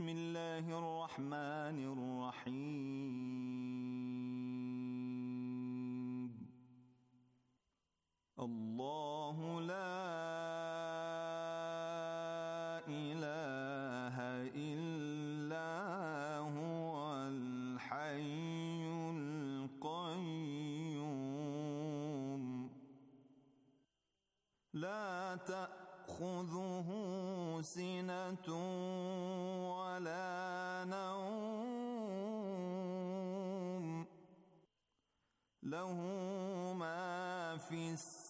بسم الله الرحمن الرحيم الله لا اله الا هو الحي القيوم لا تأخذه سنة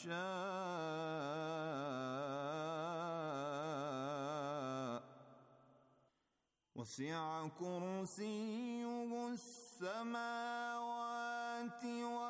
يشاء وسع كرسيه السماوات والأرض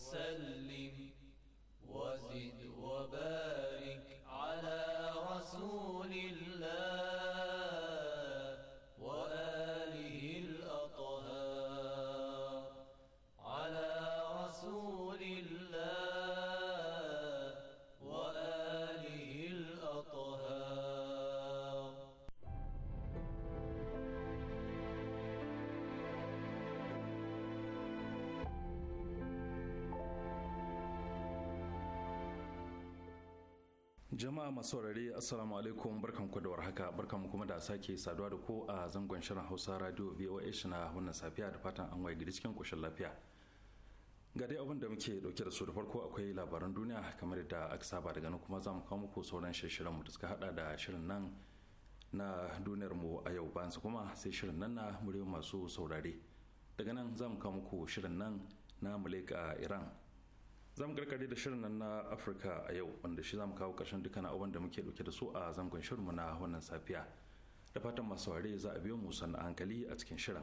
وسلم masu saurare assalamu alaikum barkan ku da warhaka barkan kuma da sake saduwa da ku a zangon shirin hausa radio voa na wannan safiya da fatan an waye gidi cikin koshin lafiya ga dai abin da muke dauke da su da farko akwai labaran duniya kamar da aka saba daga nan kuma za mu kawo muku sauran shirin mu da suka hada da shirin nan na duniyar mu a yau bayan kuma sai shirin nan na muryoyin masu saurare daga nan za mu kawo muku shirin nan na a iran zamu mu karkare da shirin nan na afirka a yau wanda shi zamu kawo ƙarshen dukkan abubuwan da muke dauke da su a zangon shirinmu na wannan safiya da fatan masu ware za a biyo mu sannan hankali a cikin shirin.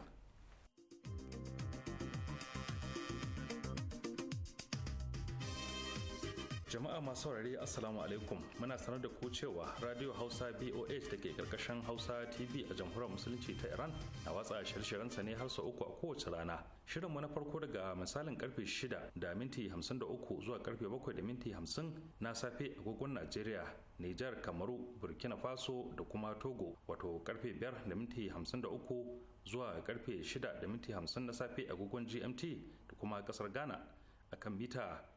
jama'a masu saurare assalamu alaikum muna sanar da ku cewa radio hausa boh da ke karkashin hausa tv a jamhuriyar musulunci ta iran na watsa shirye sa ne har sau uku a kowace rana shirin mu na farko daga misalin karfe shida da minti 53 zuwa karfe bakwai da minti 50 na safe agogon najeriya nijar kamaru burkina faso da kuma togo wato karfe 5 da minti 53 zuwa karfe shida da minti 50 na safe agogon gmt da kuma kasar ghana akan mita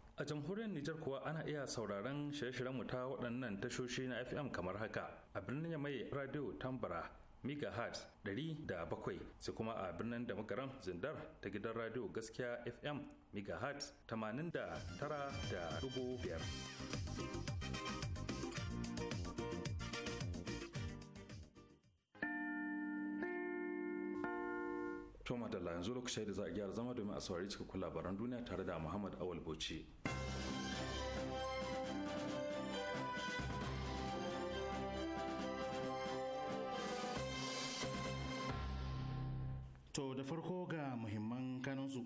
a jamhuriyar Nijar kuwa ana iya sauraron shirye-shiryen mu ta waɗannan tashoshi na FM kamar haka a birnin mai radio Tambara megahertz 107 sai kuma a birnin da magaran zindar ta gidan radio gaskiya fm megahertz 89.5 to madalla yanzu lokacin da za a gyara zama domin a saurari cikakkun labaran duniya tare da muhammad awal bauchi to da farko ga muhimman kanunsu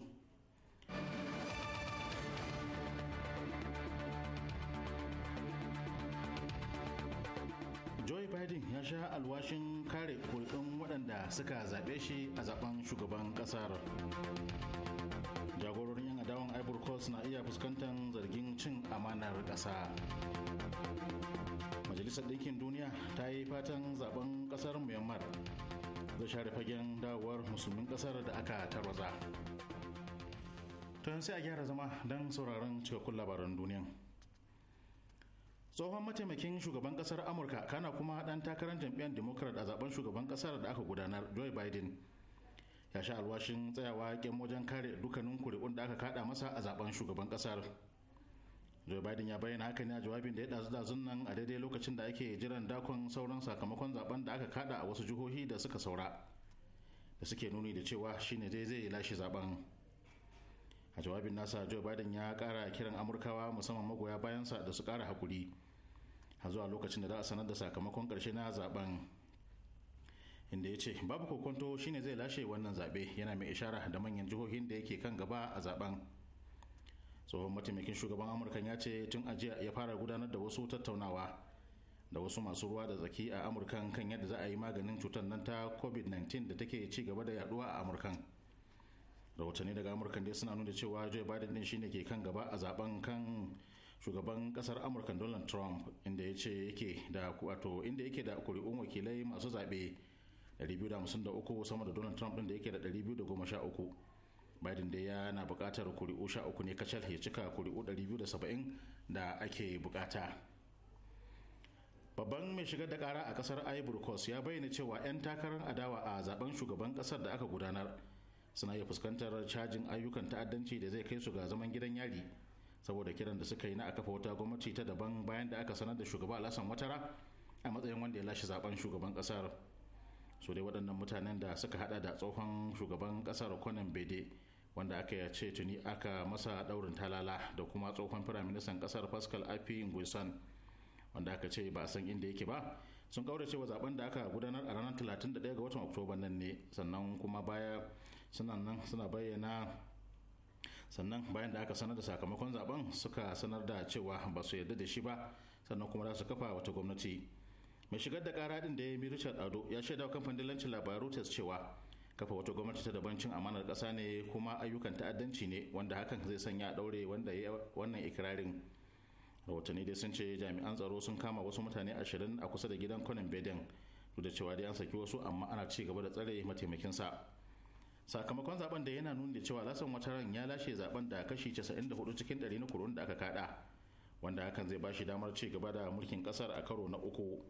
joe biden ya sha alwashin kare kulɗin waɗanda suka zaɓe shi a zaben shugaban ƙasar jagororin yan adawan ivory coast na iya fuskantar zargin cin amanar ƙasa majalisar ɗinkin duniya ta yi fatan zaben ƙasar myanmar zai share fagen dawowar musulmin ƙasar da aka tarwaza. Tun sai a gyara zama don sauraron cikakkun labaran duniya. tsohon mataimakin shugaban kasar amurka kana kuma dan takarar jam'iyyar democrat a zaben shugaban kasar da aka gudanar joe biden ya sha alwashin tsayawa yakin wajen kare dukkanin kuri'un da aka kada masa a zaben shugaban kasar joe biden ya bayyana hakan ya jawabin da ya dazu dazun nan a daidai lokacin da ake jiran dakon sauran sakamakon zaben da aka kada a wasu jihohi da suka saura da suke nuni da cewa shine dai zai lashe zaben a jawabin nasa joe biden ya kara kiran amurkawa musamman magoya bayansa da su kara hakuri A zuwa lokacin da za a sanar da sakamakon karshe na zaben inda ya ce babu kokonto shine zai lashe wannan zabe yana mai ishara da manyan jihohin da yake kan gaba a zaben tsohon mataimakin shugaban amurka ya ce tun ajiya ya fara gudanar da wasu tattaunawa da wasu masu ruwa da tsaki a amurkan kan yadda za a yi maganin cutar nan ta covid-19 da take ci gaba da yaduwa a amurka rahotanni daga amurka dai suna nuna cewa joe biden din shine ke kan gaba a zaben kan shugaban kasar amurka donald trump inda ya ce yake da wato inda yake da kuri'un wakilai masu zaɓe 253 sama da donald trump da yake da 213 biden da yana buƙatar kuri'u 13 ne kacal ya cika kuri'u 270 da ake buƙata. babban mai shigar da kara a kasar ivory coast ya bayyana cewa 'yan takarar adawa a zaben shugaban kasar da aka gudanar suna iya fuskantar cajin ayyukan ta'addanci da zai kai su ga zaman gidan yari saboda kiran da suka yi na a kafa wata gwamnati ta daban bayan da aka sanar da shugaba alhassan watara a matsayin wanda ya lashe zaben shugaban kasar su dai waɗannan mutanen da suka hada da tsohon shugaban kasar konan bede wanda aka ce tuni aka masa daurin talala da kuma tsohon firaministan kasar pascal afi nguisan wanda aka ce ba a san inda yake ba sun ƙaurace wa zaben da aka gudanar a ranar 31 ga watan oktoba nan ne sannan kuma baya suna nan suna bayyana sannan bayan da aka sanar da sakamakon zaben suka sanar da cewa ba su yarda da shi ba sannan kuma za su kafa wata gwamnati mai shigar da kara din da ya yi richard ado ya shaida kamfanin dillancin labaru tas cewa kafa wata gwamnati ta dabancin amanar kasa ne kuma ayyukan ta'addanci ne wanda hakan zai sanya daure wanda ya wannan ikirarin rahotanni dai sun ce jami'an tsaro sun kama wasu mutane ashirin a kusa da gidan conan beden duk da cewa dai an saki wasu amma ana ci gaba da tsare mataimakinsa sakamakon zaben da yana nuni da cewa lasan ran ya lashe zaben da kashi 94 cikin 100 na kurun da aka kada wanda hakan zai bashi damar ci gaba da mulkin kasar a karo na uku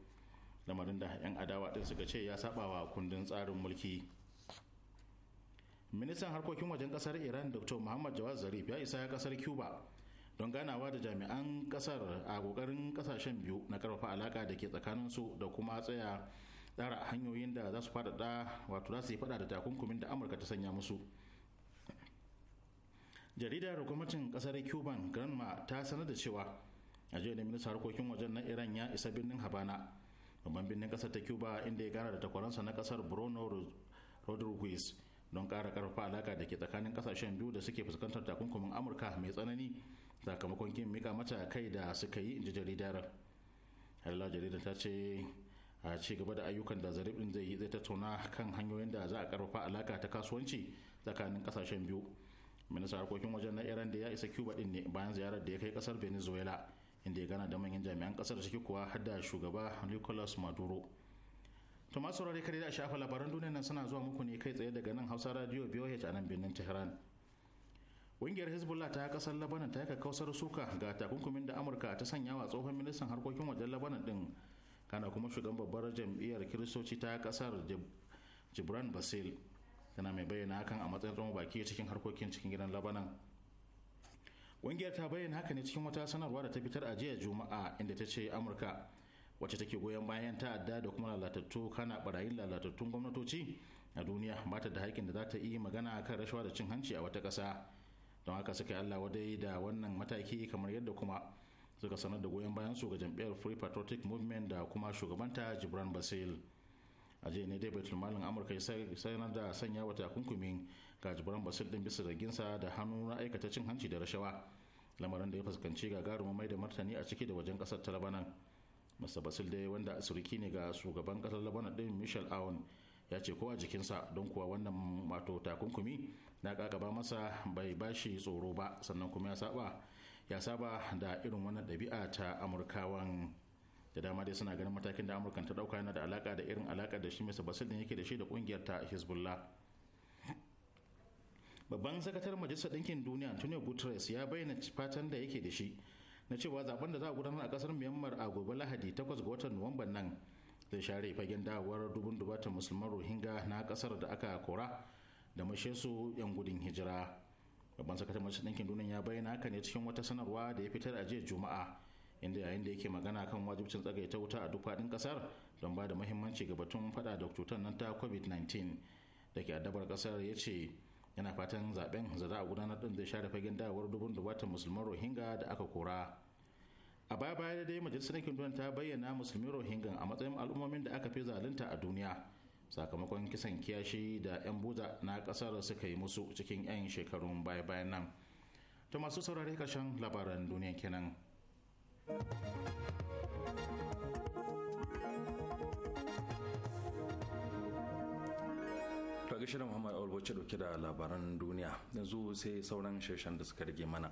lamarin da 'yan adawa din suka ce ya saba kundin tsarin mulki ministan harkokin wajen kasar iran dr muhammad jawad zarif ya isa kasar cuba don ganawa da jami'an kasar a kokarin kasashen biyu na karfafa alaka da ke tsakanin su da kuma tsaya tsara hanyoyin da za su faɗaɗa wato za su yi faɗa da takunkumin da amurka ta sanya musu jaridar gwamnatin kasar cuban granma ta sanar da cewa a jiya da minista harkokin wajen na iran ya isa birnin habana babban birnin kasar ta cuba inda ya gana da takwaransa na kasar bruno rodriguez don kara karfa alaka da ke tsakanin kasashen biyu da suke fuskantar takunkumin amurka mai tsanani sakamakon kin mika mata kai da suka yi in ji jaridar jaridar ta ce a ci gaba da ayyukan da zarif din zai yi zai tattauna kan hanyoyin da za a karfafa alaka ta kasuwanci tsakanin kasashen biyu minista harkokin wajen na iran da ya isa cuba din ne bayan ziyarar da ya kai kasar venezuela inda ya gana da manyan jami'an kasar ciki kuwa har da shugaba nicolas maduro to masu saurare kare da shafa labaran duniya nan suna zuwa muku ne kai tsaye daga nan hausa radio biyo a nan birnin tehran Ƙungiyar Hezbollah ta kasar Labanan ta yi kakkausar suka ga takunkumin da Amurka ta sanya wa tsohon ministan harkokin wajen Labanan din kana kuma shugaban babbar jam'iyyar kiristoci ta kasar jibran basil tana mai bayyana hakan a matsayin tsohon baki cikin harkokin cikin gidan labanan ƙungiyar ta bayyana haka ne cikin wata sanarwa da ta fitar a jiya juma'a inda ta ce amurka wacce take goyon bayan ta'adda da kuma lalatattu kana barayin lalatattun gwamnatoci a duniya ba ta da haƙƙin da za ta yi magana kan rashawa da cin hanci a wata ƙasa don haka suka yi allah wadai da wannan mataki kamar yadda kuma suka sanar da goyon bayan su ga jam'iyyar free patriotic movement da kuma shugabanta jibran basil a jiya ne dai baitul malin amurka ya sanar da sanya wa takunkumin ga jibran basil din bisa zarginsa da hannu na aikata cin hanci da rashawa lamarin da ya fuskanci gagarumin mai da martani a ciki da wajen kasar ta labanan masa basil dai wanda asiriki ne ga shugaban kasar labanan din michel aoun ya ce ko jikinsa don kuwa wannan wato takunkumi na kakaba masa bai bashi tsoro ba sannan kuma ya saba ya saba da irin wannan ɗabi'a ta amurkawan da dama dai suna ganin matakin da Amurka ta ɗauka yana da alaka da irin alaka da shi mai basir da yake da shi da ƙungiyar ta hezbollah babban sakataren majalisar ɗinkin duniya antonio guterres ya bayyana fatan da yake da shi na cewa zaben da za a gudanar a kasar myanmar a gobe lahadi 8 ga watan nuwamban nan zai share fagen dawowar dubun dubatan musulman rohingya na kasar da aka kora da mashe su yan gudun hijira babban sakatar majalisar ɗinkin duniya ya bayyana haka ne cikin wata sanarwa da ya fitar a jiya juma'a inda yayin da yake magana kan wajibcin tsagaita wuta a duk faɗin ƙasar don ba da muhimmanci ga batun faɗa da cutar nan ta covid-19 da ke addabar ƙasar ya ce yana fatan zaben za a gudanar ɗin zai share fagen dawar dubun dubatan musulman rohingya da aka kora a baya baya dai majalisar ɗinkin duniya ta bayyana musulmin rohingya a matsayin al'ummomin da aka fi zalunta a duniya sakamakon kisan kiyashi da 'yan buda na kasar suka yi musu cikin 'yan shekarun baya-bayan nan ta masu saurare kashen labaran duniya kenan daga shirin muhammad awul wacce dauke da labaran duniya yanzu sai sauran shirshen da suka rage mana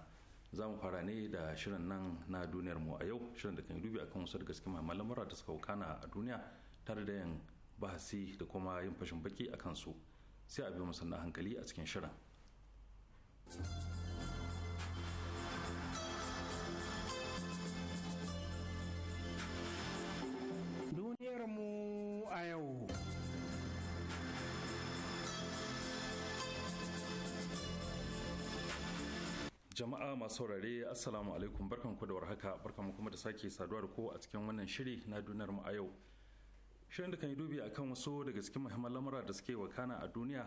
za mu fara ne da shirin nan na duniyarmu a yau shirin da kan dubi akan wasu da gaske mahimman lamura da suka hukana a duniya tare da yin bahasi da kuma yin fashin baki a kansu sai a bi musanna hankali a cikin shirin duniyarmu jama'a masu saurare assalamu alaikum ku da warhaka mu kuma da sake saduwa da ku a cikin wannan shiri na mu a yau shirin da kan yi dubi akan wasu daga cikin muhimman lamura da suke wakana a duniya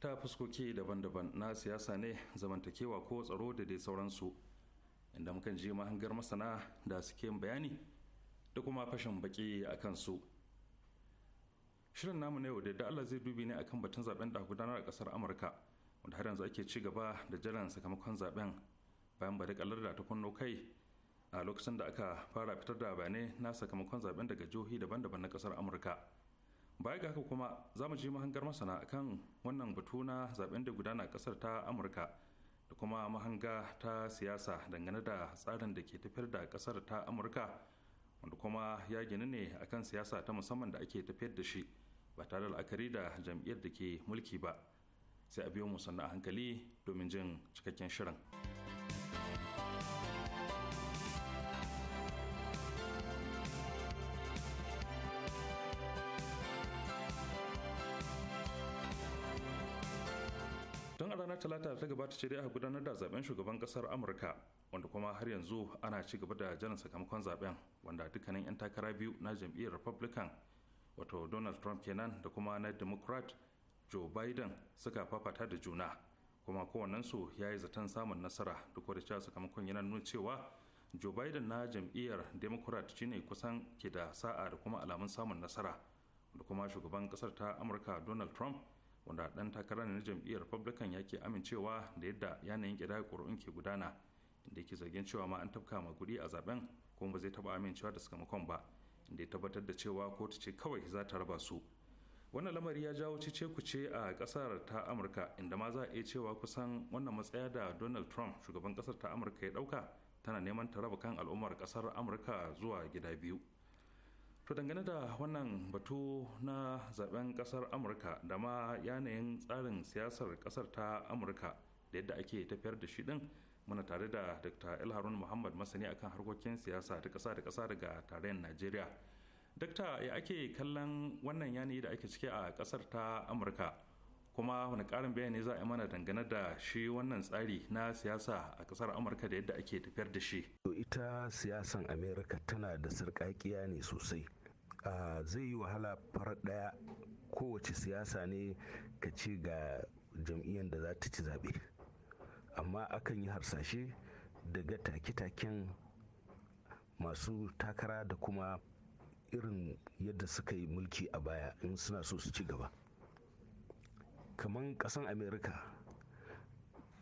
ta fuskoki daban-daban na siyasa ne zamantakewa ko tsaro da dai sauransu inda mukan je mahangar masana da suke bayani da kuma fashin baki a kansu shirin namu na yau da Allah zai dubi ne akan batun zaben da gudanar a kasar amurka wanda har yanzu ake ci gaba da jiran sakamakon zaben bayan ba da da ta kunno kai a lokacin da aka fara fitar da bayanai na sakamakon zaben daga jihohi daban-daban na kasar amurka baya ga haka kuma za mu ji mahangar masana kan wannan batu na zaben da gudana a kasar ta amurka da kuma mahanga ta siyasa dangane da tsarin da ke tafiyar da kasar ta amurka wanda kuma ya gini ne akan siyasa ta musamman da ake tafiyar da shi ba tare da la'akari da jam'iyyar da ke mulki ba sai a biyo mu sannan a hankali domin jin cikakken shirin. talata ta gabata ce dai a gudanar da zaben shugaban kasar amurka wanda kuma har yanzu ana ci gaba da jiran sakamakon zaben wanda dukkanin 'yan takara biyu na jam'iyyar republican wato donald trump kenan da kuma na democrat joe biden suka fafata da juna kuma kowannensu ya yi zaton samun nasara duk da cewa sakamakon yana nuna cewa joe biden na jam'iyyar democrat shine kusan ke da sa'a da kuma alamun samun nasara da kuma shugaban kasar ta amurka donald trump wanda dan takarar na jam'iyyar republican yake amincewa da yadda yanayin gida ƙuri'un ke gudana inda yake zargin cewa ma an tafka ma gudi a zaben kuma ba zai taba amincewa da sakamakon ba inda ya tabbatar da cewa kotu ce kawai za ta raba su wannan lamari ya jawo cece ce a kasar ta amurka inda ma za a iya cewa kusan wannan matsaya da donald trump shugaban kasar ta amurka ya dauka tana neman ta raba kan al'ummar kasar amurka zuwa gida biyu to dangane da wannan batu na zaben kasar amurka da ma yanayin tsarin siyasar kasar ta amurka da yadda ake tafiyar da shi din muna tare da dr ilharun muhammad masani akan harkokin siyasa ta kasa da kasa daga tarayyar najeriya dakta ya ake kallon wannan yanayi da ake cike a kasar ta amurka kuma wani karin bayani za a yi mana dangane da shi wannan tsari na siyasa a kasar amurka da yadda ake tafiyar da shi to ita siyasan amerika tana da sarƙaƙiya ne sosai zai yi wahala farar ɗaya kowace siyasa ne ka ce ga jam'iyyar da za ta ci zaɓe amma akan yi harsashe daga take-taken masu takara da kuma irin yadda suka yi mulki a baya in suna so su ci gaba kamar ƙasan Amerika,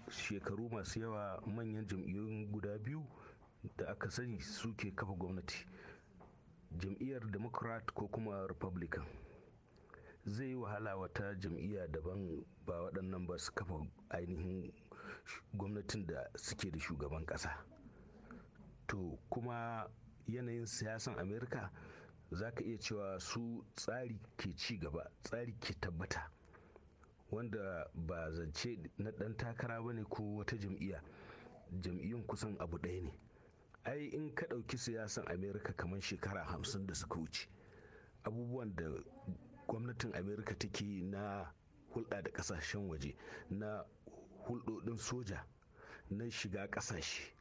shekaru masu yawa manyan jam'iyyun guda biyu da aka sani suke kafa gwamnati jam'iyyar democrat ko kuma republican zai yi wahala wata jam'iyya daban ba waɗannan ba su kafa ainihin gwamnatin da suke da shugaban ƙasa to kuma yanayin siyasan amerika za ka iya cewa su tsari ke ci gaba tsari ke tabbata wanda ba zance na ɗan takara ba ne ko wata jam'iyya jam'iyyun kusan abu ɗaya ne ai in ka ɗauki siyasan amerika kamar shekara hamsin da suka wuce abubuwan da gwamnatin amerika take na hulɗa da ƙasashen waje na hulɗoɗin soja na shiga ƙasashe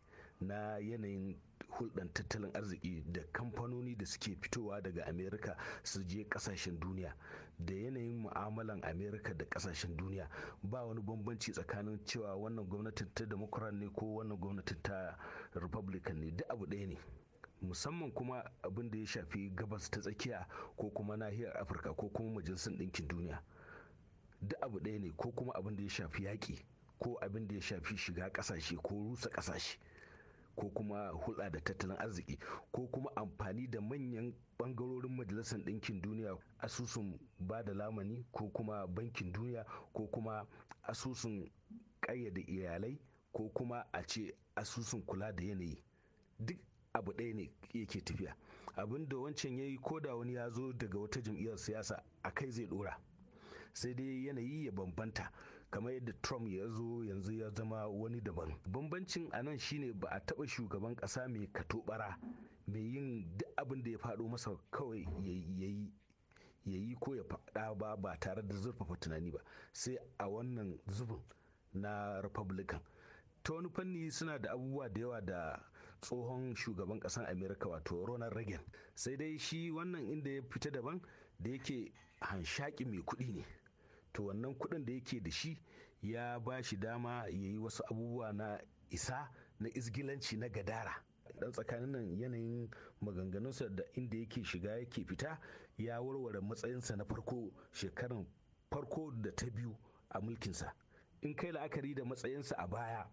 na yanayin hulɗan tattalin arziki da kamfanoni da suke fitowa daga amerika su je kasashen duniya da yanayin mu'amalan amerika da kasashen duniya ba wani bambanci tsakanin cewa wannan gwamnatin ta democrat ne ko wannan gwamnatin ta republican ne duk abu ɗaya ne musamman kuma abin da ya shafi gabas ta tsakiya ko kuma nahiyar afirka ko kuma majalisar ɗinkin duniya duk abu ɗaya ne ko kuma abin da ya shafi yaƙi ko abin da ya shafi shiga ƙasashe ko rusa ƙasashe ko kuma hulɗa da tattalin arziki ko kuma amfani da manyan bangarorin majalisar ɗinkin duniya asusun ba da lamani ko kuma bankin duniya ko kuma asusun ƙayyade iyalai ko kuma a ce asusun kula da yanayi duk abu ɗaya ne yake tafiya abin da wancan ya yi da wani ya zo daga wata jam'iyyar siyasa a kai zai ɗora sai dai yanayi ya bambanta kamar yadda trump ya zo yanzu ya zama wani daban bambancin a nan shine ba a taɓa shugaban ƙasa mai katobara mai yin duk abin da ya faɗo masa kawai ya yi ko ya faɗa ba ba tare da zurfafa tunani ba sai a wannan zubin na republican ta wani fanni suna da abubuwa da yawa da tsohon shugaban ƙasar america wato ronald reagan sai dai shi wannan inda ya fita daban da yake hanshaƙi mai kuɗi ne to wannan kuɗin da yake da shi ya ba shi dama ya yi wasu abubuwa na isa na izgilanci na gadara dan tsakanin nan yanayin maganganunsa da inda yake shiga yake fita ya warware matsayinsa na farko shekaran farko da ta biyu a mulkinsa in kai la'akari da matsayinsa a baya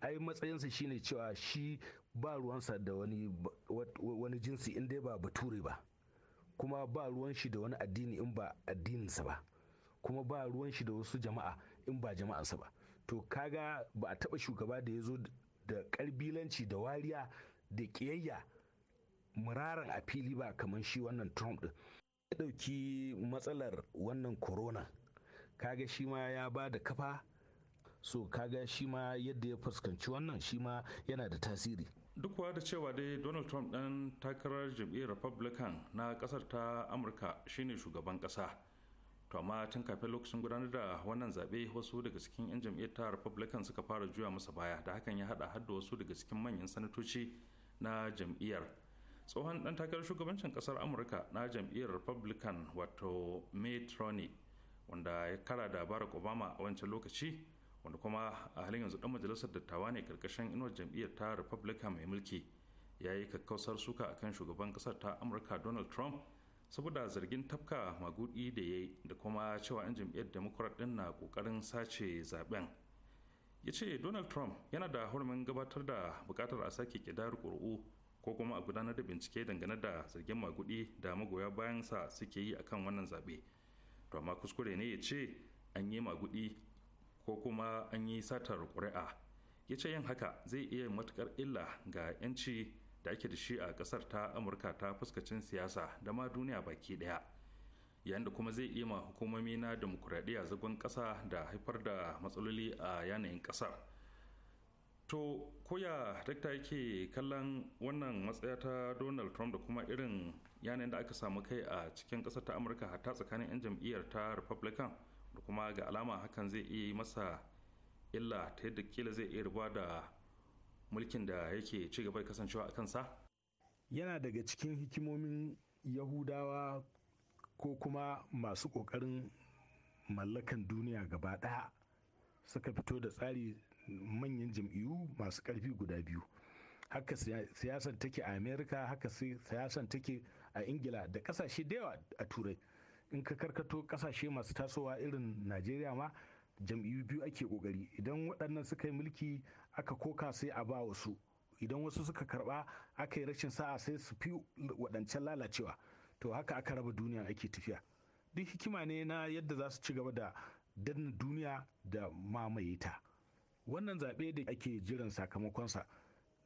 ai matsayinsa shine cewa shi ba ruwansa da wani, wani jinsi inda dai ba bature ba kuma ba ruwan shi da wani addini in ba addininsa ba kuma ba ruwan shi da wasu jama'a in ba jama'ansa ba to kaga ba a taba shugaba da ya zo da karbilanci da wariya da ƙiyayya muraran a fili ba kamar shi wannan trump din ya ɗauki matsalar wannan corona kaga shi ma ya ba da kafa so kaga shi ma yadda ya fuskanci wannan shi ma yana da tasiri duk da cewa dai donald trump ɗan takarar jam'iyyar republican na ƙasar ta amurka shine shugaban ƙasa to amma tun kafin lokacin gudanar da wannan zaɓe wasu daga cikin 'yan jam'iyyar ta republican suka fara juya masa baya da hakan ya haɗa hadda wasu daga cikin manyan sanatoci na jam'iyyar tsohon dan takarar shugabancin kasar amurka na jam'iyyar republican wato mitt romney wanda ya kara da barack obama a wancan lokaci wanda kuma a halin yanzu dan majalisar dattawa ne karkashin inuwar jam'iyyar ta republican mai mulki ya yi kakkausar suka akan shugaban ƙasar ta amurka donald trump saboda zargin tafka magudi da ya da kuma cewa 'yan jam'iyyar democrat din na kokarin sace zaben ya ce donald trump yana da hurumin gabatar da bukatar a sake kidar ƙuri'u ko kuma a gudanar da bincike dangane da zargin magudi da magoya bayan sa suke yi akan wannan zaɓe to amma kuskure ne ya ce an yi magudi ko kuma an yi satar ƙuri'a ya ce yin haka zai iya matukar illa ga 'yanci da ake da shi a kasar ta amurka ta fuskacin siyasa da ma duniya baki daya yayin da kuma zai iya ma hukumomi na demokuraɗiyya zagon ƙasa da haifar da matsaloli a yanayin ƙasar to koya dakta yake kallon wannan matsaya ta donald trump da kuma irin yanayin da aka samu kai a cikin ƙasar ta amurka hatta tsakanin 'yan jam'iyyar ta republican da kuma ga alama hakan zai iya masa illa ta yadda kila zai iya riba da mulkin da yake ci gaba kasancewa a kansa yana daga cikin hikimomin yahudawa ko kuma masu ƙoƙarin mallakan duniya gaba ɗaya suka fito da tsari manyan jam'iyyu masu ƙarfi guda biyu haka siyasar take a amerika haka siyasar take a ingila da ƙasashe da yawa a turai in ka karkato ƙasashe masu tasowa irin najeriya ma jam'iyyu biyu ake kokari idan waɗannan suka yi mulki aka koka sai a ba wasu idan wasu suka karɓa aka yi rashin sa'a sai su fi waɗancan lalacewa to haka aka raba duniya ake tafiya duk hikima ne na yadda za su ci gaba da danna duniya da mamaye ta wannan zaɓe da ake jiran sakamakonsa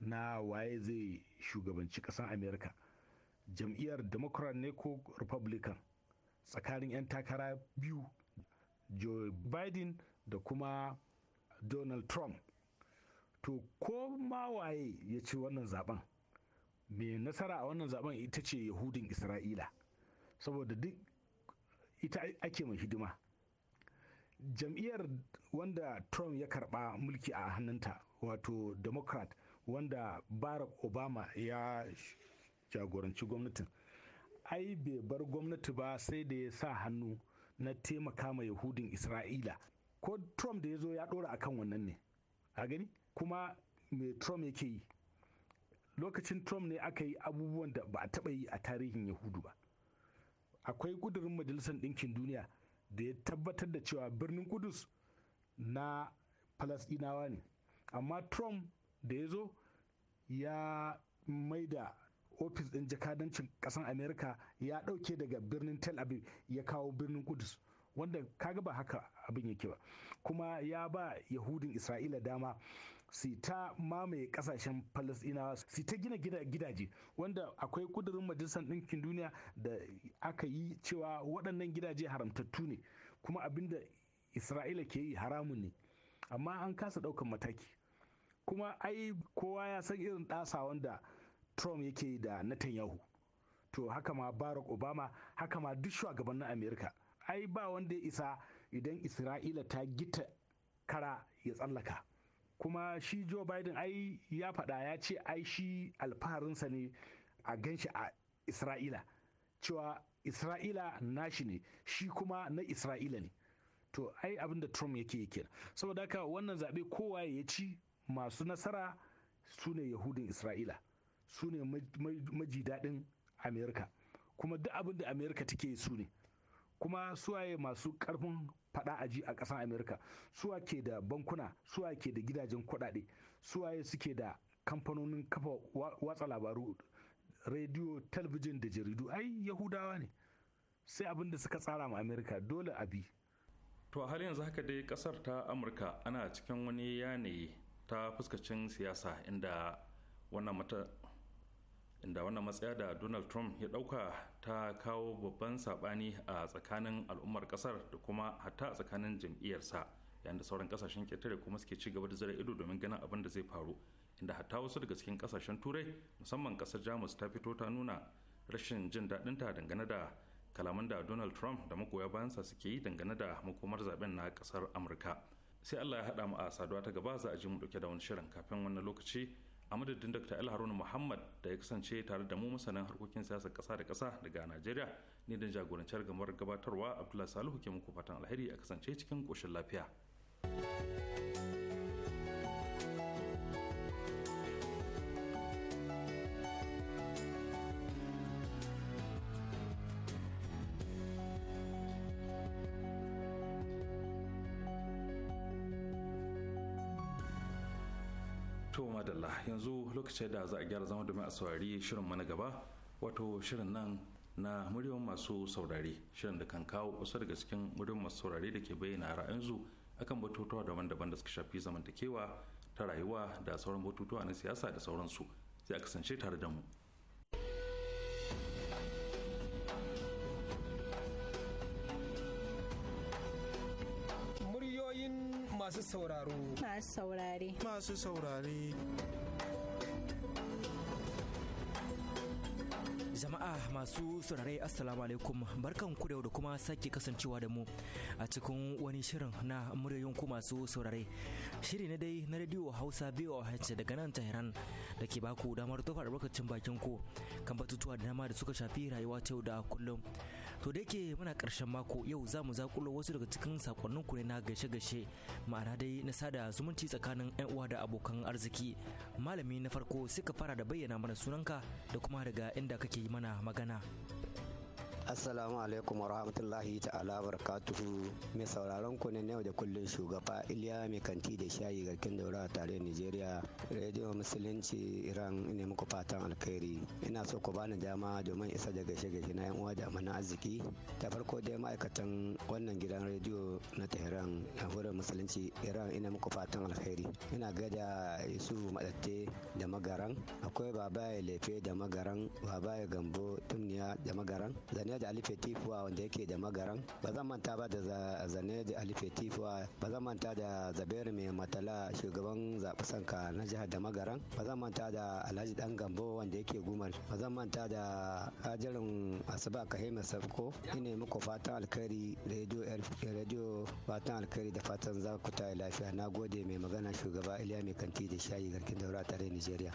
na waye zai shugabanci ƙasar america jam'iyyar democrat ne ko republican tsakanin 'yan takara biyu joe biden da kuma donald trump to ko ma waye ya ci wannan zaben mai nasara a wannan zaben ita ce yahudin isra'ila saboda duk ita ake mai hidima jam'iyyar wanda trump ya karba mulki a hannunta wato democrat wanda barack obama ya jagoranci gwamnatin ai bai bar gwamnati ba sai da ya sa hannu na taimaka ma yahudin isra'ila ko trump da ya zo ya ɗora akan wannan ne a gani kuma me trump yake yi lokacin trump ne aka yi abubuwan da ba a taɓa yi a tarihin yahudu ba akwai kudurin majalisar ɗinkin duniya da ya tabbatar da cewa birnin kudus na falasɗinawa ne amma trump da ya zo ya maida ofis ɗin jakadancin ƙasar amerika ya ɗauke daga birnin tel aviv ya kawo birnin kudus wanda kaga ba haka abin yake ba kuma ya ba yahudin isra'ila dama su ta mamaye kasashen falasɗinawa su ta gina gidaje wanda akwai kudurin majalisar ɗinkin duniya da aka yi cewa waɗannan gidaje haramtattu ne kuma abin da isra'ila ke yi haramun ne amma an kasa ɗaukan mataki kuma ai kowa ya san irin ɗasa wanda trump yake da netanyahu to haka ma barack obama haka ma duk shugabannin Amerika. ai ba wanda ya isa idan isra'ila ta gita kara ya tsallaka kuma shi joe biden ai ya faɗa ya ce ai shi alfaharinsa ne a ganshi a isra'ila cewa isra'ila nashi ne shi kuma na isra'ila ne to ai abin da trump yake yake saboda haka wannan zaɓe kowa ya ci masu nasara su ne yahudin isra'ila su ne maji daɗin amerika kuma duk abin da amerika take su ne kuma suwaye masu ƙarfin faɗa aji a ƙasar amerika suwa ke da bankuna suwa ke da gidajen kuɗaɗe suwaye suke da kamfanonin kafa watsa labaru rediyo talabijin da jaridu ai yahudawa ne sai abin da suka tsara ma amerika dole a bi to a har yanzu haka dai kasar ta amurka ana cikin wani yanayi ta fuskacin siyasa inda wannan inda wannan matsaya da donald trump ya dauka ta kawo babban sabani a tsakanin al'ummar kasar da kuma hatta a tsakanin jam'iyyarsa yayin da sauran kasashen ketare kuma suke ci gaba da zira ido domin ganin abin da zai faru inda hatta wasu daga cikin kasashen turai musamman kasar jamus ta fito ta nuna rashin jin daɗinta dangane da kalaman da donald trump da magoya bayansa suke yi dangane da makomar zaben na kasar amurka sai allah ya haɗa mu a saduwa ta gaba za a ji mu ɗauke da wani shirin kafin wannan lokaci a madadin dr el haruna muhammad da ya kasance tare da mu masanin harkokin siyasar kasa da kasa daga najeriya ne don jagorancar gamar gabatarwa abdullahi salihu ke muku fatan alheri a kasance cikin koshin lafiya to madalla yanzu lokacin da za a gyara zama domin a saurari shirin mana gaba wato shirin nan na muryoyin masu saurari shirin da kan kawo kusa daga cikin muryoyin masu saurari da ke bayyana ra'ayinsu akan batutuwa daban-daban da suka shafi zamantakewa ta rayuwa da sauran batutuwa na siyasa da sauransu sai a kasance tare da mu masu sauraro. Masu saurare. Masu saurare. jama'a masu saurare assalamu alaikum barkan ku da da kuma sake kasancewa da mu a cikin wani shirin na muryoyin ku masu saurare shiri na dai na radio hausa biyu a voh daga nan tehran da ke baku damar tofa albarkacin bakin ku kan batutuwa da dama da suka shafi rayuwa ta yau da kullum to da yake muna karshen mako yau za mu zakulo wasu daga cikin sakonnin ku na gashe-gashe ma'ana dai na sada zumunci tsakanin 'yan uwa da abokan arziki malami na farko suka fara da bayyana mana sunanka da kuma daga inda kake yi mana magana Assalamu alaikum wa rahmatullahi ta'ala barakatuhu mai sauraron ku ne na yau da kullum shugaba Iliya mai kanti da shayi garkin daura a tare Nigeria Radio Musulunci Iran ne muku fatan alkhairi ina so ku bani dama domin isa da gashe gashe na yan uwa da amana arziki ta farko dai ma'aikatan wannan gidan rediyo na Tehran wurin Musulunci Iran ina muku fatan alkhairi ina gada Yusuf Madatte da Magaran akwai Babaye Lefe da Magaran Babaye Gambo Tumniya da Magaran zane Zane da Alife tifuwa wanda yake da magaran ba zan manta ba da da alife tifuwa ba zan manta da zaberi mai matala shugaban zaɓi sanka na jihar da magaran ba zan manta da alhaji dan gambo wanda yake gumar ba zan manta da hajarin asuba kahima safko ina muku fatan alkhairi radio fatan alkhairi da fatan za ku ta lafiya na gode mai magana shugaba iliya mai kanti da shayi garkin daura tare nigeria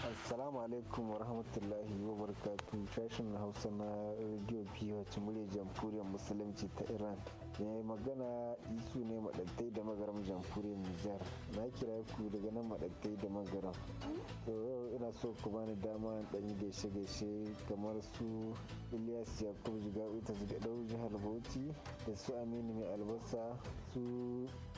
assalamu alaikum wa rahmatullahi wa wabarakatuh sashen hausa na radio wacce murya jamhuriyar musulunci ta iran mai magana isu ne madattai da magaram jamhuriyar nijar na kira ku daga nan madattai da magaram to yau ina so ku bani dama dan yi gaishe gaishe kamar su ilyas yakub jigawi ta dau jihar bauchi da su aminu mai albasa su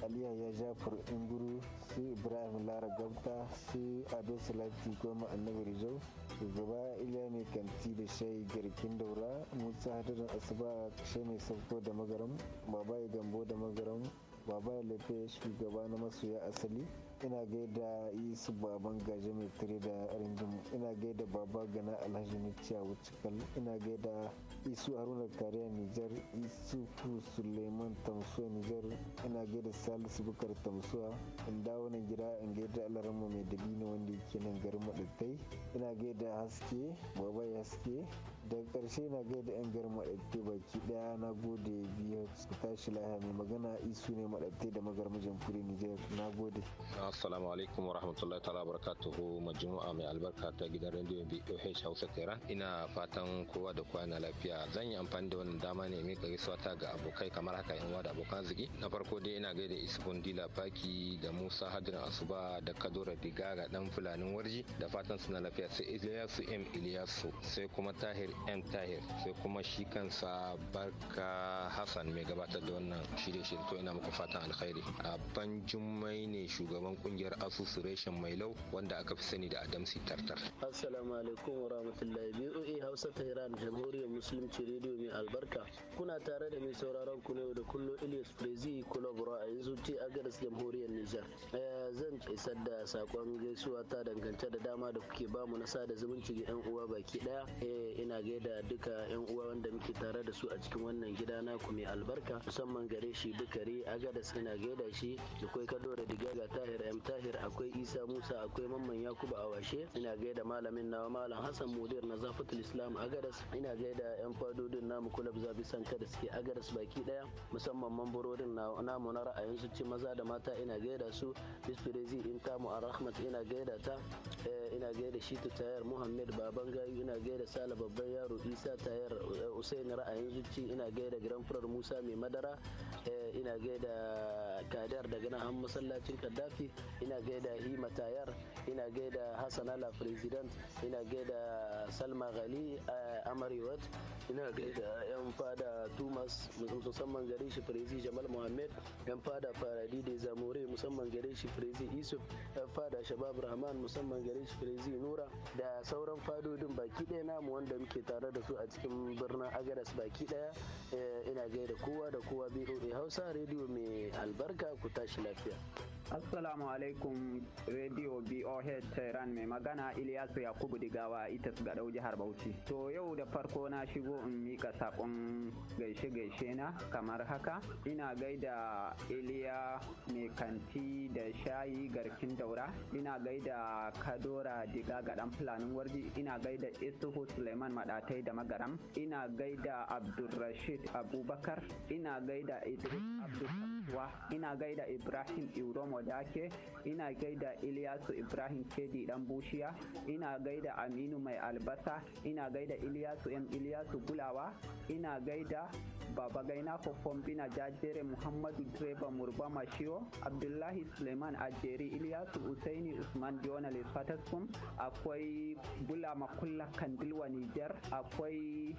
aliya ya jafar inguru su ibrahim lara gabta su ado salati goma annabi rijau shugaba iliya mai kanti da shayi garkin daura musa hadarin asuba kashe mai sauko da magaram baba ya gambo da magaram baba ya lafiya shugaba na masoya asali ina gaida isu baban gaje mai tare da ringim ina gaida baba gana alhaji nuciya wucikal ina gaida isu haruna kariya nijar isu fu suleiman tamsuwa nijar ina gaida salisu bukar tamsuwa in dawo nan gida in gaida alarama mai dabino wanda yake nan garin madattai ina gaida haske baba haske da ƙarshe na da yan gar maɗabte baki ɗaya na gode biyu su tashi lahiya mai magana isu ne maɗabte da mijin fure nijar na gode assalamu alaikum wa warahmatullahi ta'ala barakatuhu majmu'a mai albarka ta gidan rediyo BOH Hausa Tehran ina fatan kowa da kowa na lafiya zan yi amfani da wannan dama ne mai gari ta ga abokai kamar haka yan da abokan ziki na farko dai ina gaida isu Dila Faki da Musa Hadirin Asuba da Kadura Digaga dan Fulanin Warji da fatan suna lafiya sai Iliyasu M Iliyasu sai kuma Tahir m tahir sai kuma shi kansa barka hassan mai gabatar da wannan shirye shirye to ina muku fatan alkhairi a ban jummai ne shugaban kungiyar asusu reshen mai lau wanda aka fi sani da adamsi tartar assalamu alaikum wa rahmatullahi boa hausa ta iran jamhuriyar musulunci rediyo mai albarka kuna tare da mai sauraron ku yau da kullum ilyas prezi kulabura a yanzu ce a garas jamhuriyar nijar eh, zan isar da sakon gaisuwa ta dangance da dama da kuke bamu na sada zumunci ga yan uwa baki ɗaya. Eh, ina gaida duka yan uwa wanda muke tare da su a cikin wannan gida naku mai albarka musamman gare shi bukari agadas ina gaida shi akwai diga digaga tahir m tahir akwai isa musa akwai mamman yakubu washe ina gaida malamin nawa malam hassan mudir na zafatul islam agadas ina gaida yan fadodin namu kulab zabi sanka da suke agadas baki daya musamman mambarorin namu na ra'ayin su ce maza da mata ina gaida su bisfirezi in tamu a rahmat ina gaida ta eh, ina gaida shi ta tayar muhammed baban gayu ina gaida sala babban yaro isa tayar eh, usain ra'ayin zuci ina gaida giran furar musa mai madara eh, ina gaida kadar daga nan an masallacin kaddafi ina gaida hima tayar ina gaida hassan ala president ina gaida salma ghali eh, amarewat ina gaida yan fada tumas musamman gare shi firizi jamal muhammed yan fada faradi da zamore musamman gare shi firizi isuf yan fada shabab rahman musamman gare shi firizi nura da sauran fadodin baki ɗaya namu wanda muke tare da su a cikin birnin agadas baki daya eh, ina gaida kowa da kowa boa hausa rediyo mai albarka ku tashi lafiya assalamu alaikum radio boh tehran mai magana iliyasu yakubu digawa ita su jihar bauchi to yau da farko na shigo in mika sakon gaishe gaishe na kamar haka ina gaida iliya mai kanti da shayi garkin daura ina gaida kadora diga ga fulanin warji ina gaida isuhu suleiman mada maɗatai da magaram ina gaida abdulrashid abubakar ina gaida idris abdulkasuwa ina gaida ibrahim iromo dake ina gaida iliyasu ibrahim kedi dan bushiya ina gaida aminu mai albasa ina gaida iliyasu m iliyasu bulawa ina gaida baba gaina fofon bina jajere muhammadu direba murba mashiyo abdullahi suleiman ajeri iliyasu usaini usman jonalis lesfataskum akwai bula makulla kandilwa nijar akwai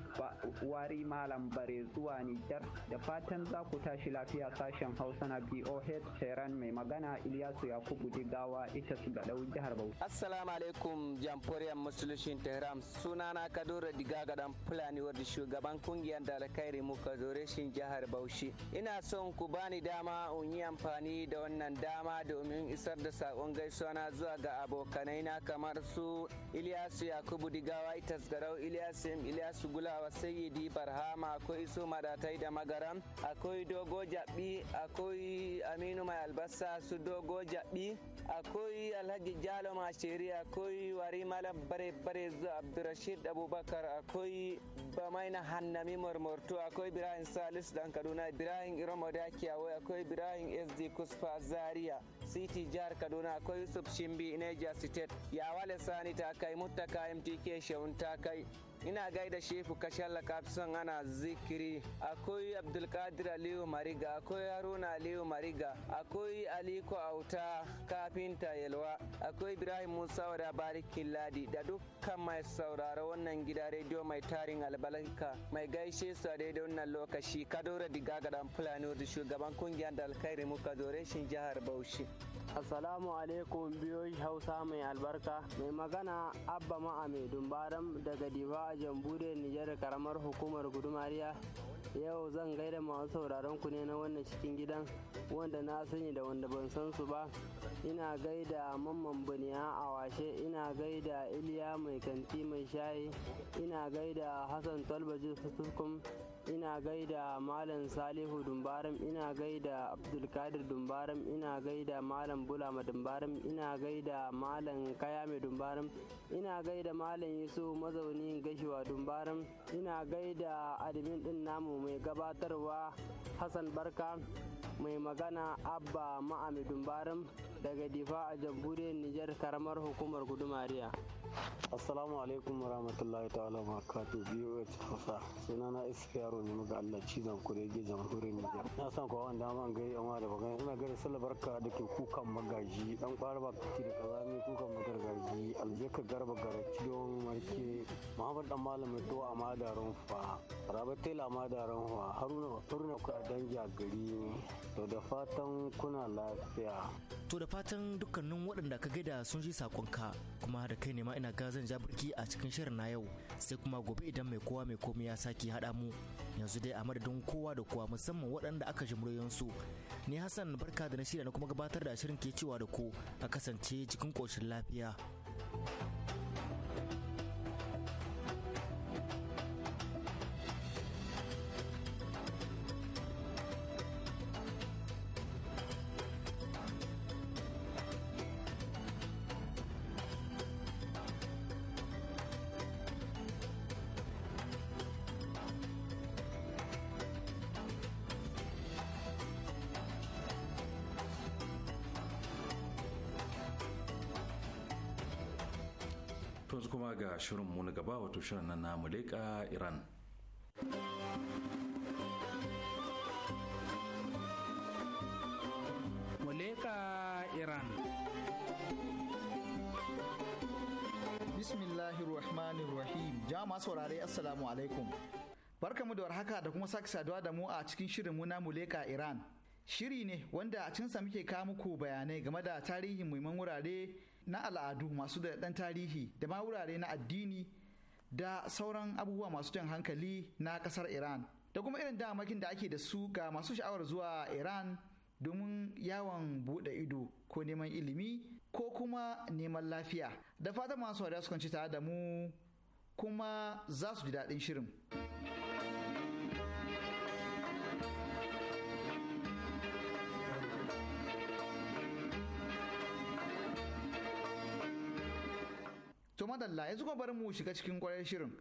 wari malam bare zuwa Nijar da fatan za ku tashi lafiya sashen Hausa na BOH Tehran mai magana Ilyasu Yakubu Digawa ita su gadau jihar Bauchi. Assalamu alaikum jamhuriyar musulushin Tehran sunana Kadura Diga dan Fulani wadda shugaban kungiyar dalakai Remuka Zoreshin jihar Bauchi. Ina son ku bani dama in yi amfani da wannan dama domin isar da sakon gaisuwa na zuwa ga abokanai na kamar su Ilyasu Yakubu Digawa ita su gadau Ilyasu Ilyasim Ilyasu Gulawa Sayyidi Barhama akwai Iso Madatai da Magaram akwai Dogo Jabi akwai Aminu Mai Albasa su Dogo Jabi akwai Alhaji Jalo Mashiri akwai Wari Malam Bare Bare abdurashid Abubakar akwai Bamaina Hannami murmurtu akwai Ibrahim Salisu Dan Kaduna Ibrahim Iromo akwai Ibrahim SD Kusfa Zaria city jihar kaduna akwai yusuf shimbi niger state wale sani ta kai muttaka mtk shaun ta kai ina gaida shefu kashalla kafison ana zikiri akwai abdulkadir aliyu mariga akwai haruna aliyu mariga akwai aliko auta kafinta yalwa akwai ibrahim musa wada barikin ladi da dukkan mai sauraro wannan gida rediyo mai tarin albarka mai gaishe su a daidai wannan lokaci kadora diga gadan fulani shugaban kungiyar da alkhairi muka zore shin jihar bauchi Assalamu alaikum biyoyi Hausa mai albarka mai magana Abba Ma'a mai dumbaram daga Diba a Jambude Nijar karamar hukumar Gudumariya. Yau zan gaida masu sauraron ku ne na wannan cikin gidan wanda na sani da wanda ban san su ba. Ina gaida mamman buniya a washe, ina gaida Iliya mai kanti mai shayi, ina gaida Hassan Talbaji Sutukum ina gaida malam salihu dumbaram ina gaida abdulkadir dumbaram ina gaida malam bulama dumbaram ina gaida malam kayame dumbaram ina gaida malam yusuf mazaunin gashiwa dumbaram ina gaida admin din namu mai gabatarwa hassan barka mai magana abba ma'ami dumbaram daga Difa a jamhuriyar Nijar karamar hukumar Gudumariya. Assalamu alaikum warahmatullahi ta'ala kato biyu Hausa suna na iska yaro ne maga Allah cizon kurege jamhuriyar Nijar. Na san kowa wanda man gai yan da bagan ina gari sallar barka da ke kukan magaji dan kwara ba kake da kaza mai kukan magargaji aljeka garba gara don marke Muhammad dan malam malamin do a runfa. fa Rabat Tela madaran fa Haruna Haruna ku a danja gari to da fatan kuna lafiya. To da fatan dukkanin waɗanda ka gaida sun ji sakonka kuma da kai ne ma ina gazan birki a cikin shirin na yau sai kuma gobe idan mai kowa mai komai ya sake haɗa mu yanzu dai a madadin kowa da kowa musamman waɗanda aka ji muryoyinsu ni hassan barka da na shirya na kuma gabatar da shirin ke cewa da ku a kasance cikin ƙoshin lafiya. yanzu kuma ga shirin na gaba wato shirin na muleka iran muleka iran Bismillahirrahmanirrahim. Jama'a saurare Assalamu alaikum. Barkamu da warhaka da kuma sake saduwa da mu a cikin shirin na muleka Iran. Shiri ne wanda a cinsa muke kawo muku bayanai game da tarihin muhimman wurare na al'adu masu da ɗan tarihi da ma wurare na addini da sauran abubuwa masu jan hankali na ƙasar iran da kuma irin damakin da ake da su ga masu sha'awar zuwa iran domin yawon buɗe ido ko neman ilimi ko kuma neman lafiya da fata masu wada su kwanci tare da mu kuma za su ji daɗin shirin. madalla yanzu kuma bari mu shiga cikin kwarar shirin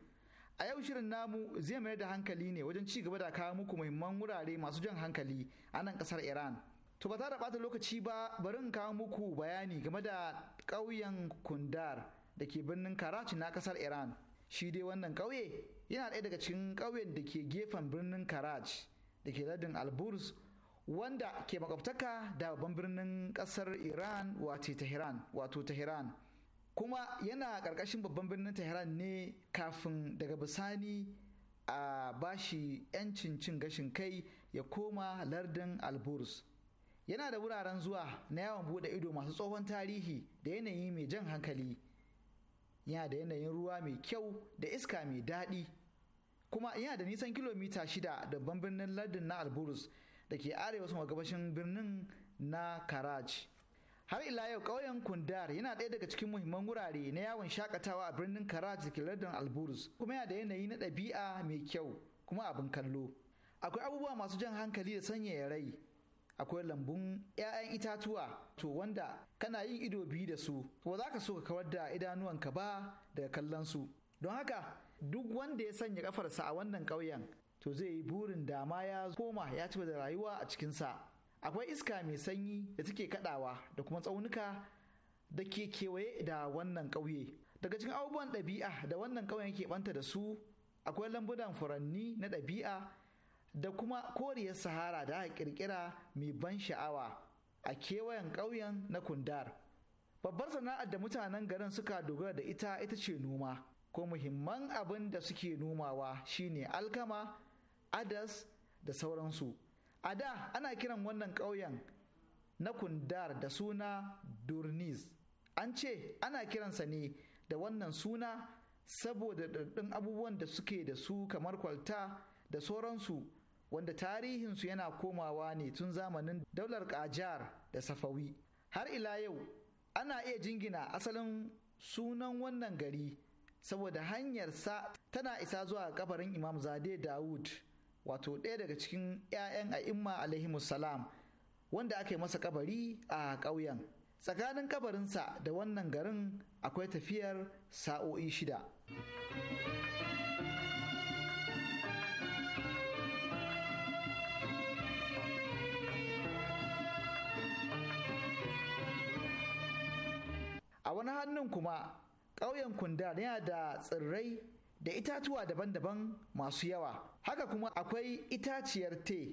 a yau shirin namu zai mayar da hankali ne wajen ci gaba da kawo muku muhimman wurare masu jan hankali a nan kasar iran to ba ta da bata lokaci ba bari in kawo muku bayani game da ƙauyen kundar da ke birnin karachi na kasar iran shi dai wannan ƙauye yana ɗaya daga cikin ƙauyen da ke gefen birnin karachi da ke ladin alburs wanda ke makwabtaka da babban birnin ƙasar iran wato tehran wato tehran kuma yana ƙarƙashin babban birnin tehran ne kafin daga bisani a bashi 'yancin cin gashin kai ya koma lardin alburus yana da wuraren zuwa na yawon bude ido masu tsohon tarihi da yanayi mai jan hankali yana da yanayin ruwa mai kyau da iska mai daɗi kuma yana da nisan kilomita shida da babban birnin lardin na alburus da ke arewa gabashin birnin na karaj har ila yau ƙauyen kundar yana ɗaya daga cikin muhimman wurare na yawon shakatawa a birnin karaj da ke lardin alburus kuma yana da yanayi na ɗabi'a mai kyau kuma abin kallo akwai abubuwa masu jan hankali da sanyaya rai akwai lambun 'ya'yan itatuwa to wanda kana yin ido biyu da su to za ka so ka kawar da idanuwanka ba daga kallon su don haka duk wanda ya sanya kafarsa a wannan ƙauyen to zai yi burin dama ya koma ya ci da rayuwa a cikinsa akwai iska mai sanyi da take kadawa da kuma tsaunuka da ke kewaye da wannan ƙauye daga cikin abubuwan ɗabi'a da wannan ƙauyen ke banta da su akwai lambunan furanni na ɗabi'a da kuma koriyar sahara da aka kirkira mai ban sha'awa a kewayen ƙauyen na kundar babbar sana'ar da mutanen garin suka dogara da ita ita ce noma ko muhimman abin da suke nomawa shine alkama adas da sauransu a da ana kiran wannan ƙauyen na kundar da suna durnis an ce ana kiransa ne da wannan suna saboda ɗaɗɗun abubuwan da suke da su kamar kwalta da sauransu wanda tarihinsu yana komawa ne tun zamanin daular ƙajar da safawi har ila yau ana iya jingina asalin sunan wannan gari saboda hanyarsa tana isa zuwa kabarin imam zade dawud wato ɗaya daga cikin 'ya'yan a'imma alaihimu salam wanda aka yi masa kabari a ƙauyen tsakanin kabarinsa da wannan garin akwai tafiyar sa'o'i shida a wani hannun kuma ƙauyen kundar yana da tsirrai da itatuwa daban-daban masu yawa haka kuma akwai itaciyar te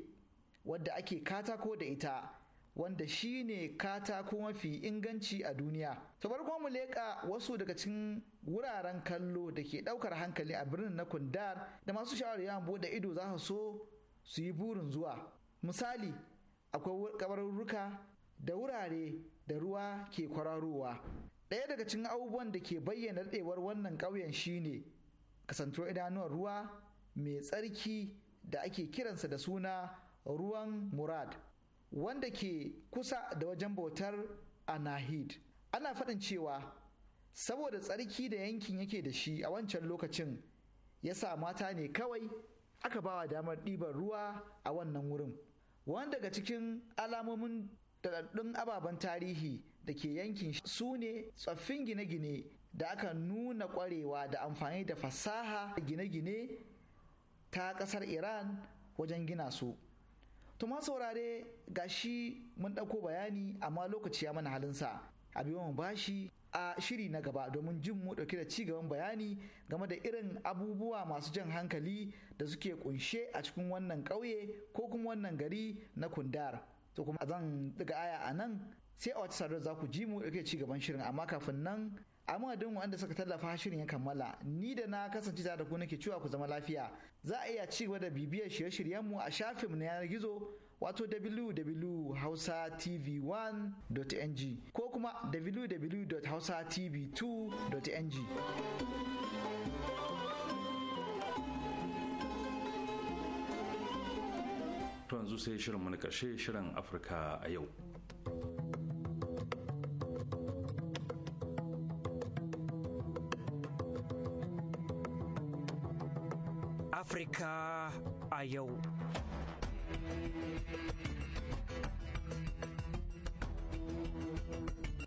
wadda ake katako da ita wanda shi ne katako mafi inganci a duniya to kuma mu leƙa wasu daga cikin wuraren kallo da ke ɗaukar hankali a birnin na kundar da masu sha'awar yawon bude ido za su so su yi burin zuwa misali akwai kabarurruka da wurare da ruwa ke kwararowa ɗaya daga cikin abubuwan da ke bayyana daɗewar wannan ƙauyen shine kasantuwar idanuwar ruwa mai tsarki da ake kiransa da suna ruwan murad wanda ke kusa da wajen bautar anahid ana faɗin cewa saboda tsarki da yankin yake da shi a wancan lokacin ya sa mata ne kawai aka bawa damar ɗiban ruwa a wannan wurin wani daga cikin alamomin daɗaɗɗun ababen tarihi da ke yankin su ne tsoffin gine-gine da aka nuna ƙwarewa da amfani da fasaha gine-gine ta kasar iran wajen gina su tuma saurare shi mun ɗauko bayani amma lokaci ya mana halinsa a biyu mu bashi a shiri na gaba domin jin mu ɗauke da ci gaban bayani game da irin abubuwa masu jan hankali da suke kunshe a cikin wannan ƙauye ko kuma wannan gari na kundar to kuma zan daga aya a nan sai a wata sadar za ku ji mu ɗauke da ci gaban shirin amma kafin nan a madadin wanda suka tallafa shirin ya kammala ni da na kasance tare da ku nake cewa ku zama lafiya za a iya ci da bibiyar shirye shiryen mu a shafinmu na yanar gizo wato www.hausatv1.ng ko kuma www.hausatv2.ng to yanzu sai shirin mana karshe shirin afirka a yau yau.